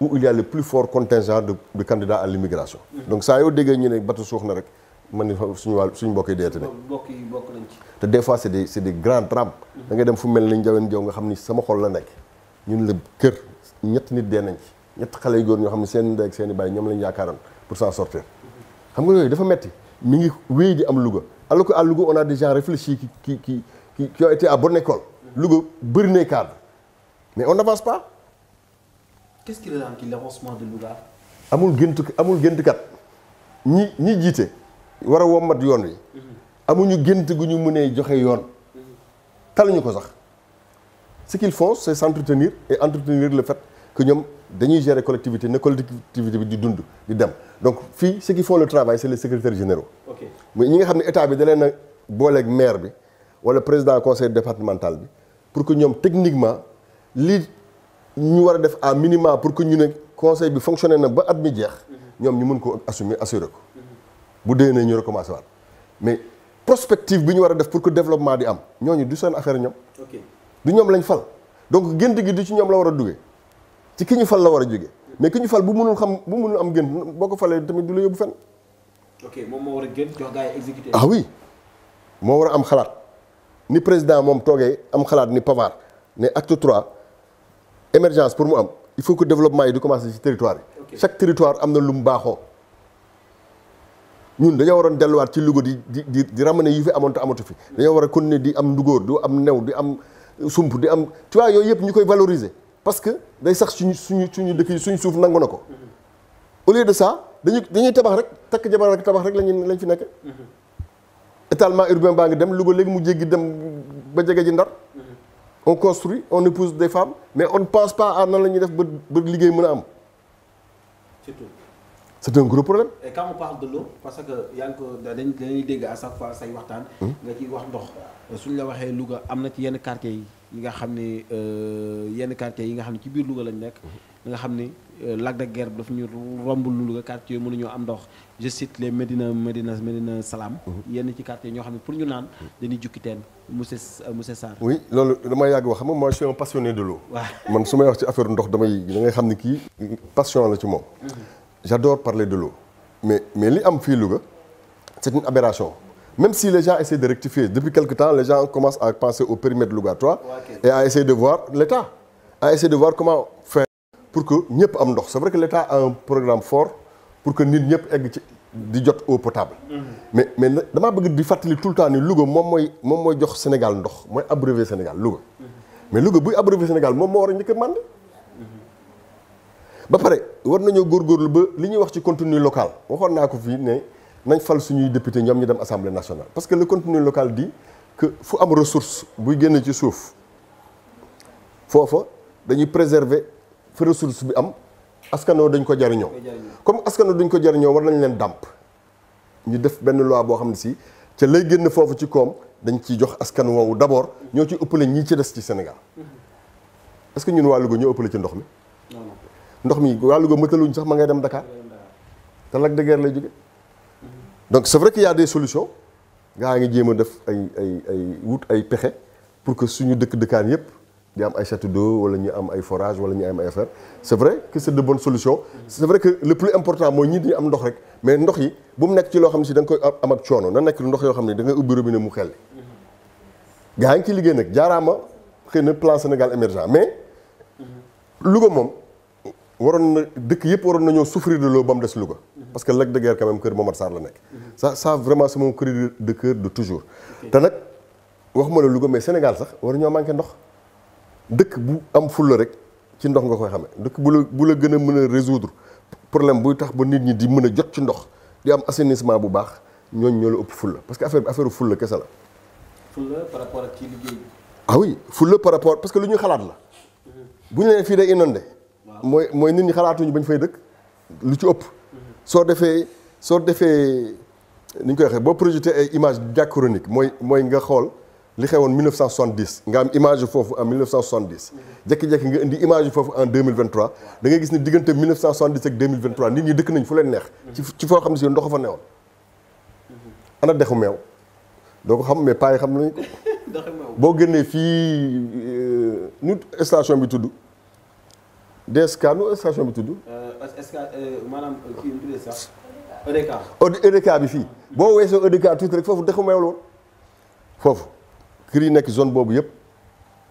Speaker 2: où il y a le plus fort contingent de de candidats te des c'est des c'est des grands dem fu mel ni Njawen Jaw nga xam ni sama xol la nekk ñun la kër ñett nit dee nañ ci ñett xale yu góor ñoo xam ne seen ndey ak seen i bàyyi ñoom lañ yaakaaroon pour s'en sortir xam nga yooyu dafa metti mi ngi wéy di am Louga alors que à Louga on a des gens réfléchis qui qui qui qui ont été à bonne école Louga bëri na cadre mais on n'avance pas
Speaker 1: qu'est-ce qui ralentit l'avancement de Louga.
Speaker 2: amul gént amul géntkat ñi ñi jiite war a wommat yoon wi. Mhm. amuñu gént gu ñu mënee joxe yoon. Mhm. ñu ko sax ce qu'ils font c'est s'entretenir et entretenir le fait que ñoom dañuy gérer collectivité ne collectivité bi di dund di dem donc fii ceux qui font le travail c'est les secrétaires généraux. ñi nga xam ne état bi da na a booleeg maire bi wala président conseil départemental bi pour que ñoom techniquement li. ñu war a def à minima pour que ñu ne conseil bi fonctionné na ba at mi jeex ñoom ñu mën ko assumer assurer ko bu dee déwénee ñu recommencer waat mais prospective bi ñu war a def pour que développement di am ñooñu du seen affaire ñoom du ñoom lañ fal donc gént gi du ci ñoom la war a duggee ci ki ñu fal la war a jógee mais ki ñu fal bu mënul xam bu mënul am gént boo ko falee tamit du la yóbbu fenn
Speaker 1: ok moom war a gént jox gars yi exécuté ah
Speaker 2: oui moo war a am xalaat ni président moom toogee am xalaat ni Pavard ne acte trois émergence pour mu am il faut que développement yi di commencer ci territoire bi chaque territoire am na lu mu baaxoo ñun dañoo waroon delluwaat ci Louga di di di di ramener yi fi amoon te amatu fi dañoo war a continuer di am ndugóor di am new di am sump di am tu vois yooyu yëpp ñu koy valoriser parce que day sax suñu suñu suñu dëkk yi suñu suuf nangu na ko mhm. au lieu de ça dañuy dañuy tabax rek takk jabar rek tabax rek lañu lañ fi nekk mhm. étalement urbain baa ngi dem Louga léegi mu jéggi dem ba jege ji Ndar mhm. on construit on épouse des femmes mais on ne pense pas à nan ñuy def ba ba liggéey mën a am. surtout. c' est un gros problème.
Speaker 1: et quand on parce que yaa ngi ko dañ dañuy dégg à chaque fois say waxtaan. Hmm? nga ciy wax ndox. suñ la waxee Louga am na ci yenn quartier yi nga xam ne euh, yenn quartier yi nga xam ne ci biir Louga lañ nekk. Hmm. nga xam ni Euh, Lac de Guiers daf ñu romb lu nga quartier mënuñoo am ndox je cite les Médina Médina Médina Salaam. Mhm. yenn ci quartier ñoo xam ne pour ñu naan mhm. dañuy jukki teen monsieur monsieur
Speaker 4: Sarr.
Speaker 2: loolu dama yàgg wax xam moi je suis un de l'eau man su may wax ci affaire ndox damay da xam ni kii passion la ci moom. Mhm. j'adore parler de l'eau mais mais li am fii Louga c'est une aberration. même si les gens de rectifier depuis quelque temps les gens commencent à au périmètre pour que ñëpp am ndox c'est vrai que l'État a un programme fort pour que nit ñëpp egg ci di jot eau potable. Mm-hmm. mais mais damaa bëgg di fàttali tout le temps ni Louga moom mooy moom mooy jox Sénégal ndox mooy abreuver Sénégal Louga. Mm-hmm. mais Louga buy abreuver Sénégal moom moo war a njëkk a mandé mm-hmm. ba pare war nañoo góorgóorlu ba li ñuy wax ci contenu local waxoon naa ko fii ne nañ fal suñuy député ñoom ñu dem assemblée nationale parce que le contenu local dit que fu am ressource buy génn ci suuf foofa dañuy préserver. fa ressource bi am askanoo dañ ko jariñoo comme askanoo dañ ko jariñoo war nañ leen dàmp ñu def benn loi boo xam ne si ca lay génn foofu ci koom dañ ciy jox askan woowu d'abord ñoo ci lañ ñii ci des ci Sénégal est que ñun waa Louga ñoo ëppale ci ndox mi ndox mi waa ma mëtaluñ sax ma ngay dem Dakar te Lac de Guiers lay jóge donc c'est vrai qu'il y a des solutions gaa ngi jéem a def ay ay ay wut ay pexe pour que suñu dëkk dëkkaan yëpp di am ay château d'eau wala am ay forage wala ñu am ay affaire c' est vrai que c' est de bonnes solutions c' est vrai que le plus important mooy ñi dañu am ndox rek mais ndox yi bu mu nekk ci loo xam ne si da nga koy am ak coono na nekk ndox yoo xam ne da ngay ubbi robinet mu xel gaa ngi ci liggéey nag jaaraama xëy na plan Sénégal émergent mais Louga moom waroon na dëkk yëpp waroon nañoo souffrir de ba mu des Louga parce que Lac de Guiers quand même kër Momar Sarr la nekk ça ça vraiment c'est mon cri de cœur de toujours te nag waxuma la Louga mais Sénégal sax war ñoo manqué ndox dëkk bu am fulla rek ci ndox nga koy xamee dëkk bu la bu la gën a mën a résoudre problème buy tax ba nit ñi di mën a jot ci ndox di am assainissement bu baax ñooñ ñoo la ëpp fulla parce que affaire bi affaire fulla kese la.
Speaker 1: fulla par rapport ak ci
Speaker 2: ah fulla par rapport parce que lu ñu xalaat la mm-hmm. bu ñu nee fii day inondé. mooy mooy nit ñi xalaatuñu ñu fay dëkk lu ci ëpp. Mm-hmm. soo defee soo defee ni ñu koy waxee boo projeté ay image diachronique mooy mooy nga xool. li xewoon 1970 nga am image foofu en 1970 jékki-jékki nga indi image foofu en 2023 da nga gis ne diggante 1970 ak 2023 nit ñi dëkk nañ fu leen neex. ci foo xam ne si ndox fa newoon. ana dexu meew. doo ko xam mais paa xam nañ boo génnee fii euh, nu station bi tudd. DSK nu station bi tudd.
Speaker 1: Euh, SK euh, maanaam kii nu
Speaker 2: e e bi fii boo weesoo EDK tuuti rek foofu dexu meew la foofu. kër yi nekk zone boobu yëpp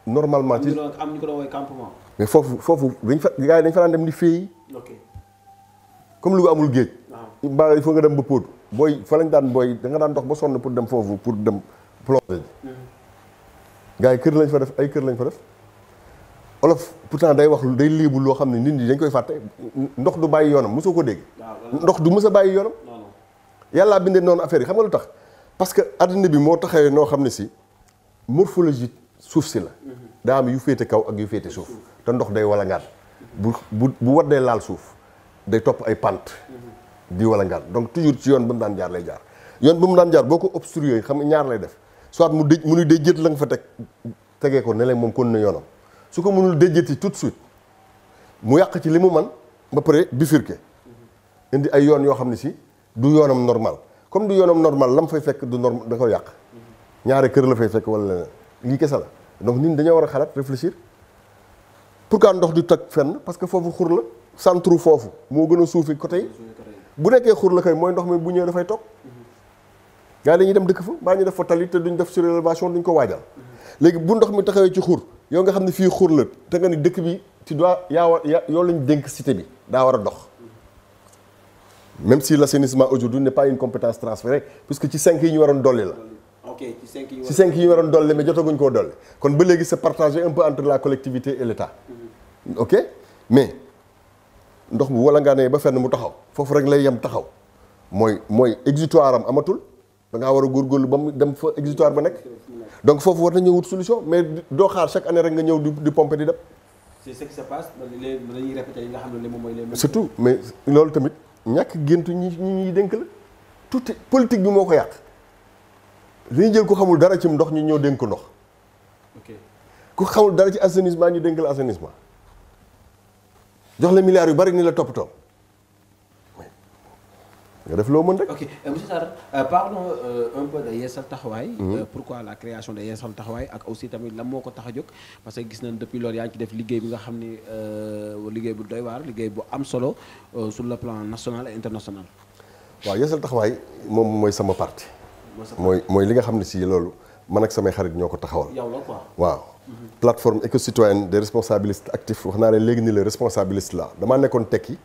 Speaker 2: normalement. ci
Speaker 1: am ñu ko
Speaker 2: foofu foofu dañ fa gars yi dañ fa dem di féey. ok comme lu amul géej. waaw ah. mbaa nga dem ba Pout. booy fa lañ daan booy da daan dox ba sonn pour dem foofu pour dem plonger.
Speaker 3: Mm-hmm.
Speaker 2: gaa yi kër lañ fa def ay kër lañ fa def. olof pourtant day wax day léebu loo xam ne nit ñi dañ koy fàtte ndox du bàyyi yoonam mosoo ko dégg.
Speaker 3: Ah, ndox du
Speaker 2: mës a bàyyi yoonam. yàlla bindee noonu affaire yi xam nga lu tax. parce que adduna bi moo taxawee noo xam ne si. morphologie suuf si la daa am yu féete kaw ak yu féete suuf te ndox day walangaan bu bu bu waddee laal suuf day topp ay pente di walangaan donc toujours ci yoon ba mu daan jaar lay jaar yoon ba mu daan jaar boo ko obstrué xam nga ñaar lay def soit mu dëj mu nuy déjjët la nga fa teg tegee ko ne leen moom kon na yoonam su ko mënul déjjëti tout de mu yàq ci li mu man ba pare bifurqué indi ay yoon yoo xam ne si du yoonam normal comme du yoonam normal lam fay fekk du normal da ko yàq ñaari kër la fay fekk wala leneen lii kese la donc nit dañoo war a xalaat réfléchir pourquoi ndox di toj fenn parce que foofu xur la centre foofu moo gën a suufi côté yi bu nekkee xur la kay mooy ndox mi bu ñëwee dafay toog gars yi dem dëkk fa mbaa ñu def fa tali te duñ def surélevation duñ ko waajal léegi bu ndox mi taxawee ci xur yow nga xam ne fii xur la te nga ni dëkk bi ci doit yaa war yow lañ dénk cité bi daa war a dox même si l'assainissement aujourd'hui n'est pas une compétence transférée puisque ci cinq yi ñu waroon dolli la
Speaker 1: ok ci cinq yi. ci cinq
Speaker 2: yi ñu waroon dolli mais jotaguñ koo dolli kon ba léegi c'est partagé un peu entre la collectivité et l'État.
Speaker 3: Mm-hmm.
Speaker 2: ok mais ndox bu wala ngaa nee ba fenn mu taxaw foofu rek lay yem taxaw mooy mooy exutoire am amatul da ngaa war a góorgóorlu ba mu dem fa exutoire ba nekk. donc foofu war nañoo wut solution mais doo xaar chaque année rek nga ñëw di di pomper di dem.
Speaker 1: c'est ce qui se passe léegi dañuy répéter li
Speaker 2: nga xam ne moom mooy les surtout mais loolu tamit ñàkk géntu ñi ñi ñuy dénk la tout politique bi moo ko yàq. dañuy jël ku xamul dara ci ndox ñu ñëw dénk ko ndox ku xamul dara ci assainissement ñu dénk la assainissement jox la milliards yu bari ni la toppatoo nga def loo mën rek. ok euh,
Speaker 1: monsieur Sarr euh, parlons euh, un mm-hmm. la création de yeesal taxawaay ak aussi tamit lan moo ko tax a jóg. parce que gis nañ depuis loolu yaa ngi ci def liggéey bi nga xam ni liggéey bu doy waar liggéey bu am solo sur le plan national et international.
Speaker 2: waaw yeesal taxawaay moom mooy sama parti. mooy mooy li nga xam ne si loolu man ak samay xarit ñoo ko taxawal. yow la quoi waaw. Mhm. plateforme éco de des responsabilistes actifs wax naa leen léegi ni la responsabiliste la damaa nekkoon tekki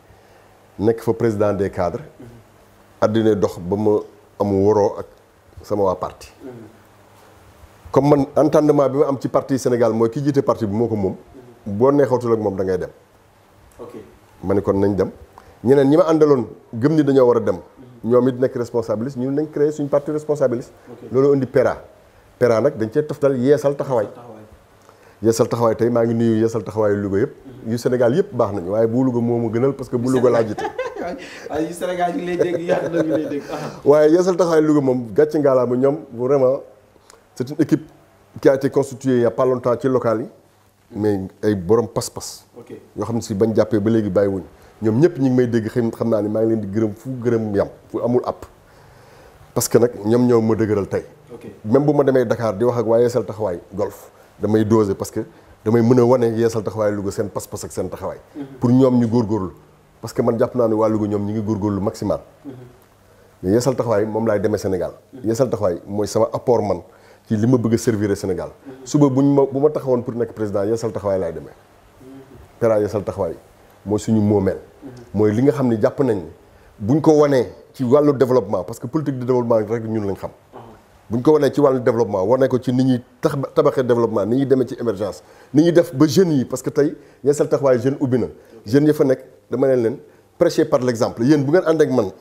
Speaker 2: nekk fa président des cadres. àddina mhm. dox ba ma am woro ak sama waa parti. Mhm. comme man entendement bi ma am ci parti Sénégal mooy ki jiite parti bi moo ko moom. boo neexatul ak moom da ngay dem. ok ma ne kon nañ dem ñeneen ñi ma àndaloon gëm ni dañoo war a dem. ñoom it nekk responsabiliste ñun nañ créé suñ parti responsabiliste loolu indi PERA PERA nag dañ cee toftal yeesal taxawaay yeesal taxawaay tey maa ngi nuyu yeesal taxawaayu Louga yëpp mhm. yu Sénégal yëpp baax nañu waaye bu Louga moom gënal parce que bu Louga laa jiite
Speaker 1: waaye yu Sénégal
Speaker 2: ah. yeesal taxawaayu Louga moom gàcce ngaalaama ñoom vraiment c'est une équipe qui a été constituée il y ci local yi mais ay borom pas-pas yoo xam si bañ jàppee ba léegi bàyyiwuñ ñoom ñëpp ñi ngi may dégg xëy xam naa ne maa ngi leen di gërëm fu gërëm yam fu amul app parce que nag ñoom ñoo ma dëgëral tey même bu ma demee dakaar di wax ak waaye yeesal taxawaay golf damay doser parce que damay mën a wane yeesal taxawaay Louga seen pas-pas ak seen taxawaay mhm. pour ñoom ñu góor parce que man jàpp naa ne waa Louga ñoom ñi ngi góorgóorlu maximal mhm. mais yeesal taxawaay moom laay demee Sénégal mhm. yeesal taxawaay mooy sama apport man ci li ma bëgg servir Sénégal suba buñ ma bu ma taxawoon pour nekk président yeesal taxawaay laay demee teraa yeesal taxawaay mooy suñu moomeel. mooy li nga xam ne jàpp nañ buñ ko wanee ci wàllu developpement parce que politique de développement rek ñun lañ xam. buñ ko wanee ci wàllu développement wanee ko ci ni ñuy tax tabaxee développement ni ñuy demee ci émergence ni ñuy def ba jeunes yi parce que tey Yeesal Taxawaay jeune ubbi na jeunes yi fa nekk dama leen leen prêcher par l'exemple yéen bu ngeen ànd ak man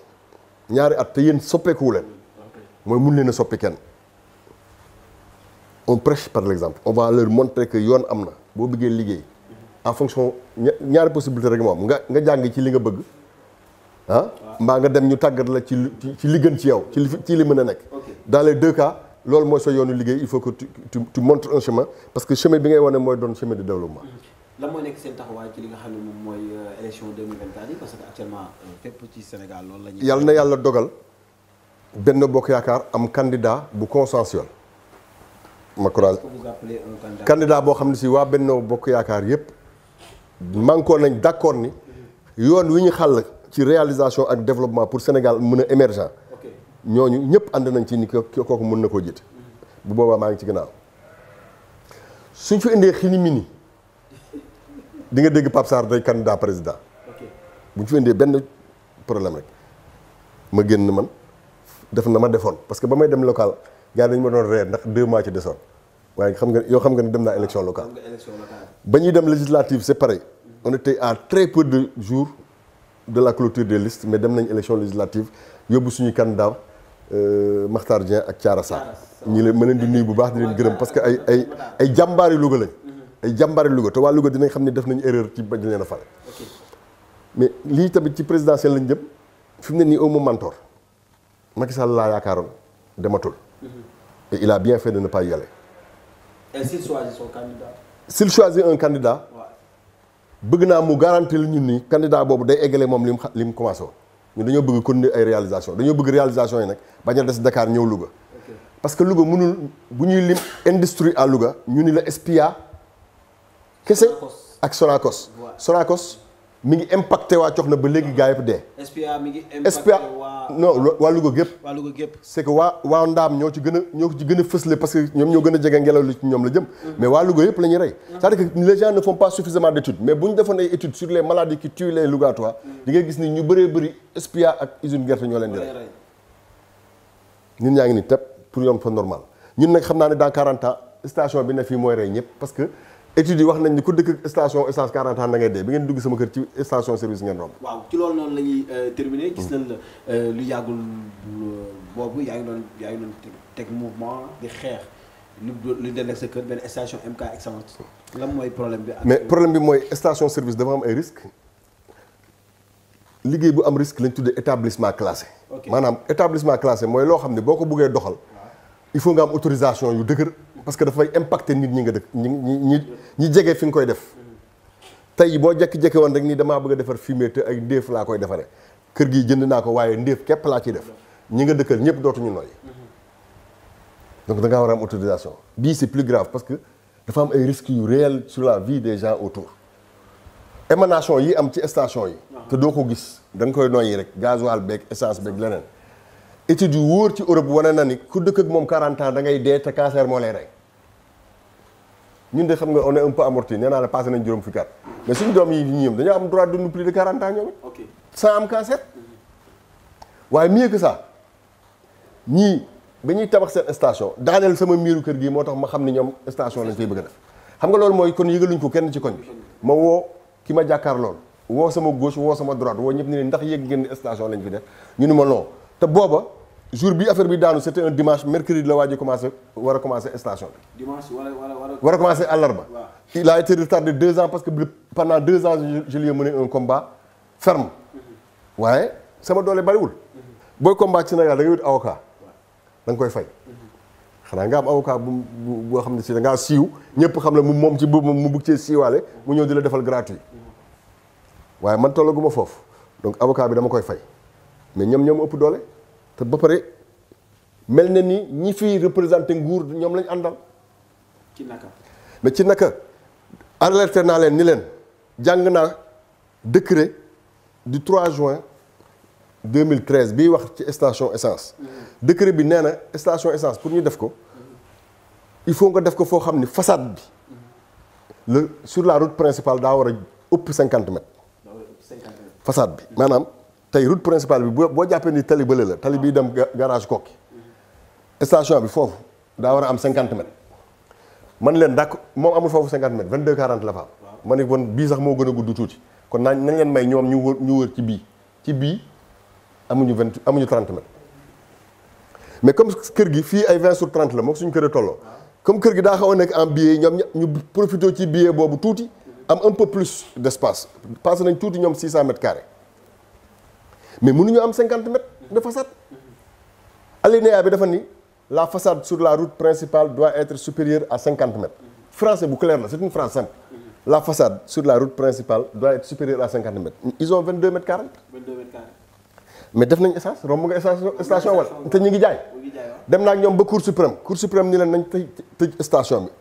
Speaker 2: ñaari at te yéen soppeekuwu leen mooy mun leen a soppi kenn on par l'exemple on leur montrer yoon am na boo bëggee liggéey. en fonction ñaari possibilité rek moom nga nga jàng ci li nga bëgg ah mbaa nga dem ñu tàggat la ci ci li gën ci yow ci li ci li mën a nekk dans les deux cas loolu mooy sa yoonu liggéey il faut que tu tu, tu montres parce que chemin bi ngay wane mooy doon chemin de développement mhm.
Speaker 1: lan mooy nekk seen taxawaay ci li xam ne mooy euh, élection 2024 yi parce que euh, ci Sénégal loolu la
Speaker 2: yàlla na yàlla dogal benn bokk yaakaar am candidat bu consensuel ma courage boo xam ne si waa Benno Bokk Yaakaar yëpp mànkoo nañ d' ni yoon wi ñu xàll ci réalisation ak développement pour Sénégal mën a émergent ñooñu ñëpp ànd nañ ci ni kooku mën na koo jiite bu boobaa maa ngi ci gannaaw suñ fi indee xini mini di nga dégg Pape Sarr day candidat président bu ñu fi indee benn problème rek ma génn man def na ma defoon parce que ba may dem local gars dañ ma doon reer ndax deux mois ci desoon waaye xam nga yoo xam nga ne dem naa élection locale. ba ñuy dem législative c'est pareil. on à très peu de jour de la clôture de listes mais dem nañ élection législative yóbbu suñuy candidat euh, Makhtar Dieng ak Thiara Sarr. ñi leen ma leen di nuy bu baax di leen gërëm parce que ay ay ay jàmbaari Louga lañ. Mhm. ay jàmbaari Louga te waa Louga dinañ xam ne def nañu erreur ci bañ leen a fale. mais lii tamit ci présidentielle lañ jëm fi mu ne nii au moment mentor Macky Sall laa yaakaaroon dematul. Mhm. et il bien fait de ne pas y
Speaker 1: et s'il choisit son candidat.
Speaker 2: un candidat. bëgg naa mu garantir ñun ni candidat boobu day eggale moom li mu xa li mu commencé ñu ñun dañoo bëgg continuer ay réalisation dañoo bëgg réalisation yi nag bañ a des Dakar ñëw luga parce que Louga mënul bu ñuy lim industrie à Louga ñu ni la SPIA. kese ak Sonacos. Sonacos mi ngi impacté waa na ba léegi gaa yëpp dee. SPA mi ngi impacté waa non waa Louga gépp. c'est que waa waa Ndaam ñoo ci gën a ñoo ci gën fësle parce que ñoom ñoo gën a jege ngelaw li ci ñoom la jëm. Mm-hmm. mais waa Louga yëpp la ñuy rey. Mm-hmm. c'est-à-dire que les gens ne font pas suffisamment mais bu ñu defoon ay études sur les maladies qui tuent les Lougatois. Mm-hmm. di nga gis ni ñu bëree bëri SPA ak usine gerte ñoo leen di rey. ñun ñaa ngi ni tep pour yoon fa normal ñu nag xam naa ne dans 40 station bi ne fii mooy rey ñëpp parce que études yi wax nañ ni ku dëkk station essence 40 ans da ngay dee bi ngeen dugg sama kër ci station service ngeen romb.
Speaker 1: Euh, gis nañ la euh, lu yàggul boobu yaa ngi doon yaa ngi doon teg mouvement xeex lu lu delleeg sa kër benn station MK lan mooy problème mais problème
Speaker 2: bi mooy station service dafa am ay risque liggéey bu am risque lañ tuddee établissement classé. maanaam établissement classé mooy loo xam ne boo ko buggee doxal. il faut nga am autorisation yu dëgër. parce que dafay impacter nit ñi nga dëkk ñi ñi ñi jege fi nga koy def tey boo jekki-jekki woon rek nii damaa bëgg a defar fumier te ay ndéef laa koy defaree kër gi jënd naa ko waaye ndéef képp laa ciy def ñi nga dëkkal ñëpp dootuñu nooy donc da ngaa war a am autorisation bii c'est plus grave parce que dafa am ay risque yu réel sur la vie des gens autour émanation yi am ci station yi te doo ko gis da nga koy noyyi rek gasoil beeg essence beeg leneen étude yu wóor ci Europe wane na ni ku dëkk ak moom 40 ans ngay dee te cancer moo lay rey ñun de xam nga on est un peu amorti nee naa la passé nañ juróom fukki at mais doom yi ñoom dañoo am droit dund plus de 40 ans ñoom it. cancer. waaye mieux que ça ñii ba ñuy tabax seen station daaleel sama miiru kër gi moo tax ma xam ni ñoom station lañ koy bëgg a xam nga loolu mooy kon yëgaluñ ko kenn ci koñ bi ma woo ki ma jàkkaar lool woo sama gauche woo sama droite woo ñëpp ni ne ndax yëg ngeen ni station lañ fi def ñu ni ma te booba jour bi affaire bi daanu c'était un dimanche mercredi la waa ji commencé war a commencé station
Speaker 1: bi. war a commencé àllarba. waaw
Speaker 2: il a été retardé deux ans parce que pendant deux ans je lui ai mené un combat ferme. Mhm. waaye sama doole bariwul. Mhm. booy combat ci Sénégal da wut avocat. da koy fay. Mhm. xanaa nga am avocat bu boo xam ne si dangaa ngaa siiw ñëpp xam ne moom ci boobu mu bëgg cee siiwaale mu ñëw di la defal gratuit waaye man tollaguma foofu donc avocat bi dama koy fay mais ñoom ñoom ëpp doole. ba pare mel na ni ñi fi représenté nguur ñoom lañ àndal. ci naka. mais ci naka alerté naa leen ni leen jàng naa décret du 3 juin 2013 bii wax ci station essence. Mm-hmm. décret bi nee na station essence pour ñu def ko. Mm-hmm. il faut nga def ko foo xam ni façade bi. Mm-hmm. le sur la route principal daa war a ëpp 50 mètres. façade bi maanaam. tey route principale bi boo jàppee ni tali bële la tali bii dem garage Koki station bi foofu daa war a am cinquante mètres man leen dak moom amul foofu cinquante mètres vingt deux quarante la fa am ma ne kon bii sax moo gën a gudd tuuti kon naa nañ leen may ñoom ñu wër ñu wër ci bii ci bii amuñu vingt amuñu trente mètres mais comme kër gi fii ay vingt sur trente la moo suñu kër a tolloo ah. comme kër gi daa xaw a nekk en billet ñoom ñu profité ci billet boobu tuuti am un peu plus d' espace passé nañ tuuti ñoom six cent mais mënuñu am cinquante mètres de façade alinéa bi dafa ni la façade sur la route principale doit être supérieure à cinquante mètres français bu clair la c'est une phrase simple la façade sur la route principale doit être supérieure à cinquante mètres ils ont vingt deux mètres quarante mais def nañ essence romb nga station wala te ñu ngi jaay dem naa ak ñoom ba cour suprême cour suprême ni leen nañ tëj tëj station bi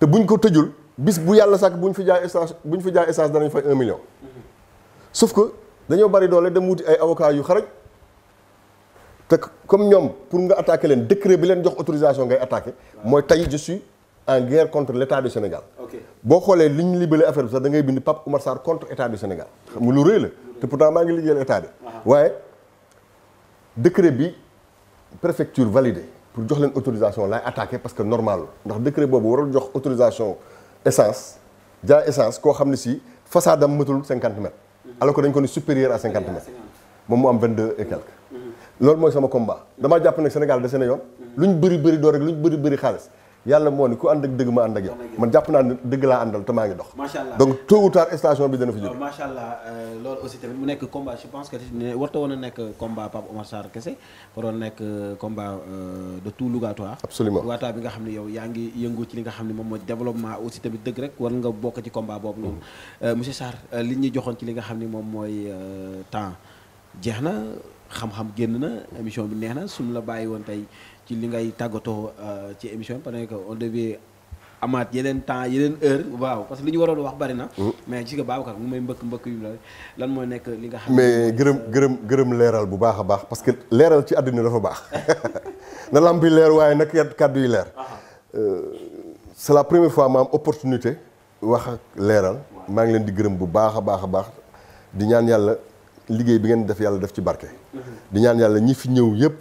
Speaker 2: te buñ ko tëjul bis bu yàlla sàkk buñ fi jaay essence buñ fi jaay essence danañ fay un dañoo bari doole dem wuti ay avocat yu xarañ te comme ñoom pour nga attaquer leen décret bi leen jox autorisation ngay attaquer mooy tey je suis en guerre contre l' du Sénégal. ok boo xoolee li ñu libellé affaire bi sax da ngay bind Pape Oumar Sarr contre état du Sénégal xam nga lu rëy la te pourtant maa ngi liggéeyal état bi. waaye décret bi préfecture validé pour jox leen autorisation laay attaqué parce que normal ndax décret boobu warul jox autorisation essence jaay essence koo xam ne si façade am matul cinquante alors que dañ ko ni supérieur à cinquante mètres moom mu am vingt deux loolu mooy sama combat damaa jàpp ne Sénégal dese na yoon lu ñu bëri bëri doo rek lu ñu bëri bëri xaalis yàlla moo ni ku ànd ak dëgg ma ànd ak yow man jàpp naa dëgg laa àndal te maa ngi dox
Speaker 1: macha allah donc
Speaker 2: tôt ou tard bi dana fi jóg oh,
Speaker 1: macha allah euh, loolu aussi tamit nekk combat je pense que a nekk combat Pape Omar Sarr kese waroon nekk euh, combat euh, de tout Lougatoire absolument Lougatoire bi nga xam ne yow yaa ngi yëngu ci li nga xam ne moom mooy développement aussi tamit dëgg rek war nga bokk ci combat boobu noonu mm. monsieur saar li ñu joxoon ci li nga xam ne moom mooy temps jeex na xam-xam génn na émission bi neex na suñu la bàyyi woon tey ci li ngay tàggatoo euh, ci émission bi parce on on devait amaat yeneen temps yeneen heure waaw parce que li ñu waroon wax bari na. Mm. mais gis nga Babacar mu may mbëkk mbëkk yu la lan mooy nekk li nga. xam
Speaker 2: mais gërëm gërëm gërëm leeral bu baax a baax parce que leeral ci àddina dafa baax na lamp leer waaye nag yat kàddu yi leer. Euh, c'est la première fois ma am opportunité wax ak leeral. maa ngi leen di gërëm bu baax a baax a baax di ñaan yàlla liggéey bi ngeen def yàlla def ci barke. Mm-hmm. di ñaan yàlla ñi fi ñëw yëpp.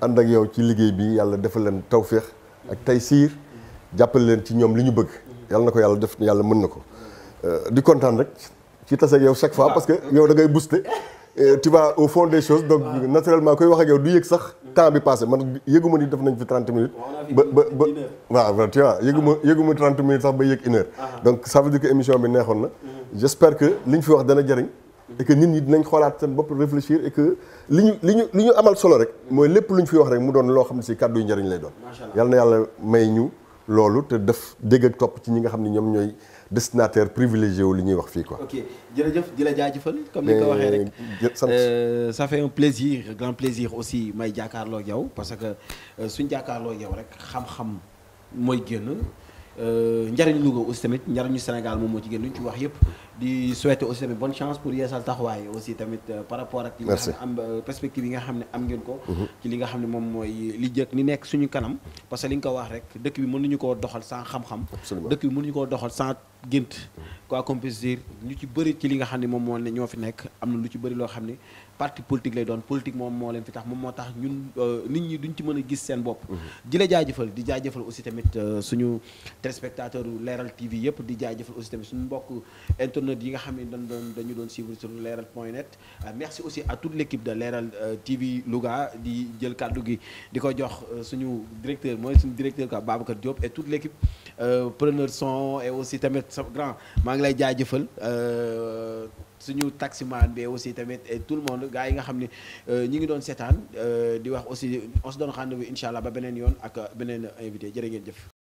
Speaker 2: ànd ak yow ci liggéey bi yàlla defal leen tawféex ak tay siir jàppal leen ci ñoom li ñu bëgg yàlla na ko yàlla def yàlla mën na ko euh, di kontaan rek ci tase ak chaque fois ah. parce que yow da ngay booster euh, tu vas au fond des donc ah. naturellement koy wax ak yow du yëg sax temps bi passé man yëgu ma ni def nañ fi 30 minutes. ba ba ba waaw tu vois yëgu ma ah. yëgu ma 30 minutes sax ba yëg une donc ça veut dire que émission bi neexoon na. Mm-hmm. j'espère que liñ fi wax dana jëriñ. et nit ñi dinañ xoolaat seen bopp réfléchir et que li ñu li ñu li ñu amal solo rek mooy lépp lu ñu fi wax rek mu doon loo xam ne si kàddu yu njëriñ lay doon yàlla na yàlla may ñu loolu te def dégg ak topp ci ñi nga xam ne ñoom ñooy destinataire privilégié wu li ñuy wax fii quoi. ok
Speaker 1: jërëjëf di la jaajëfal. comme ni nga ko eh, waxee rek sa euh, fait un plaisir grand plaisir aussi may jàkkaarloo ak yow parce que euh, suñ jàkkaarloo ak yow rek xam-xam mooy génn. Euh, njariñu Louga aussi tamit njariñu Sénégal moom moo ci gën lu ñu ci wax yëpp di souhaiter aussi tamit bonne chance pour yeesal taxawaay aussi tamit euh, par rapport ak li nga xam ne am euh, perspective yi nga xam ne am ngeen ko mhm. ci li nga xam ne moom mooy li jëkk ni nekk suñu kanam parce que li nga ko wax rek dëkk bi mënuñu koo doxal sans xam-xam dëkk bi mënuñu koo doxal sans gént mhm. quoi qu'on puisse ci bëri ci li nga xam ne moom moo ne ñoo fi nekk am na lu ci bëri loo xam ne parti politique lay doon politique moom moo leen fi tax moom moo tax euh, nit ñi duñ ci mën a gis seen bopp. Mhm. di la jaajëfal di jaajëfal aussi tamit euh, suñu téléspectateur leeral TV yëpp di jaajëfal aussi tamit suñu mbokk internet yi nga xam ne dañu doon dañu doon suivre sur leeral point net. Euh, merci aussi à toute l' équipe de leeral TV Louga di jël kàddu gi di ko jox suñu directeur mooy suñu directeur quoi Babacar Diop et toute l' équipe preneur son aussi tamit sa grand maa ngi lay jaajëfal. suñu taximan bi aussi tamit tout le monde gars yi nga xam ne euh, ñi ngi doon seetaan euh, di wax aussi on se donne rendez-vous incha allah ba beneen yoon ak euh, beneen invité jërë ngeen jëf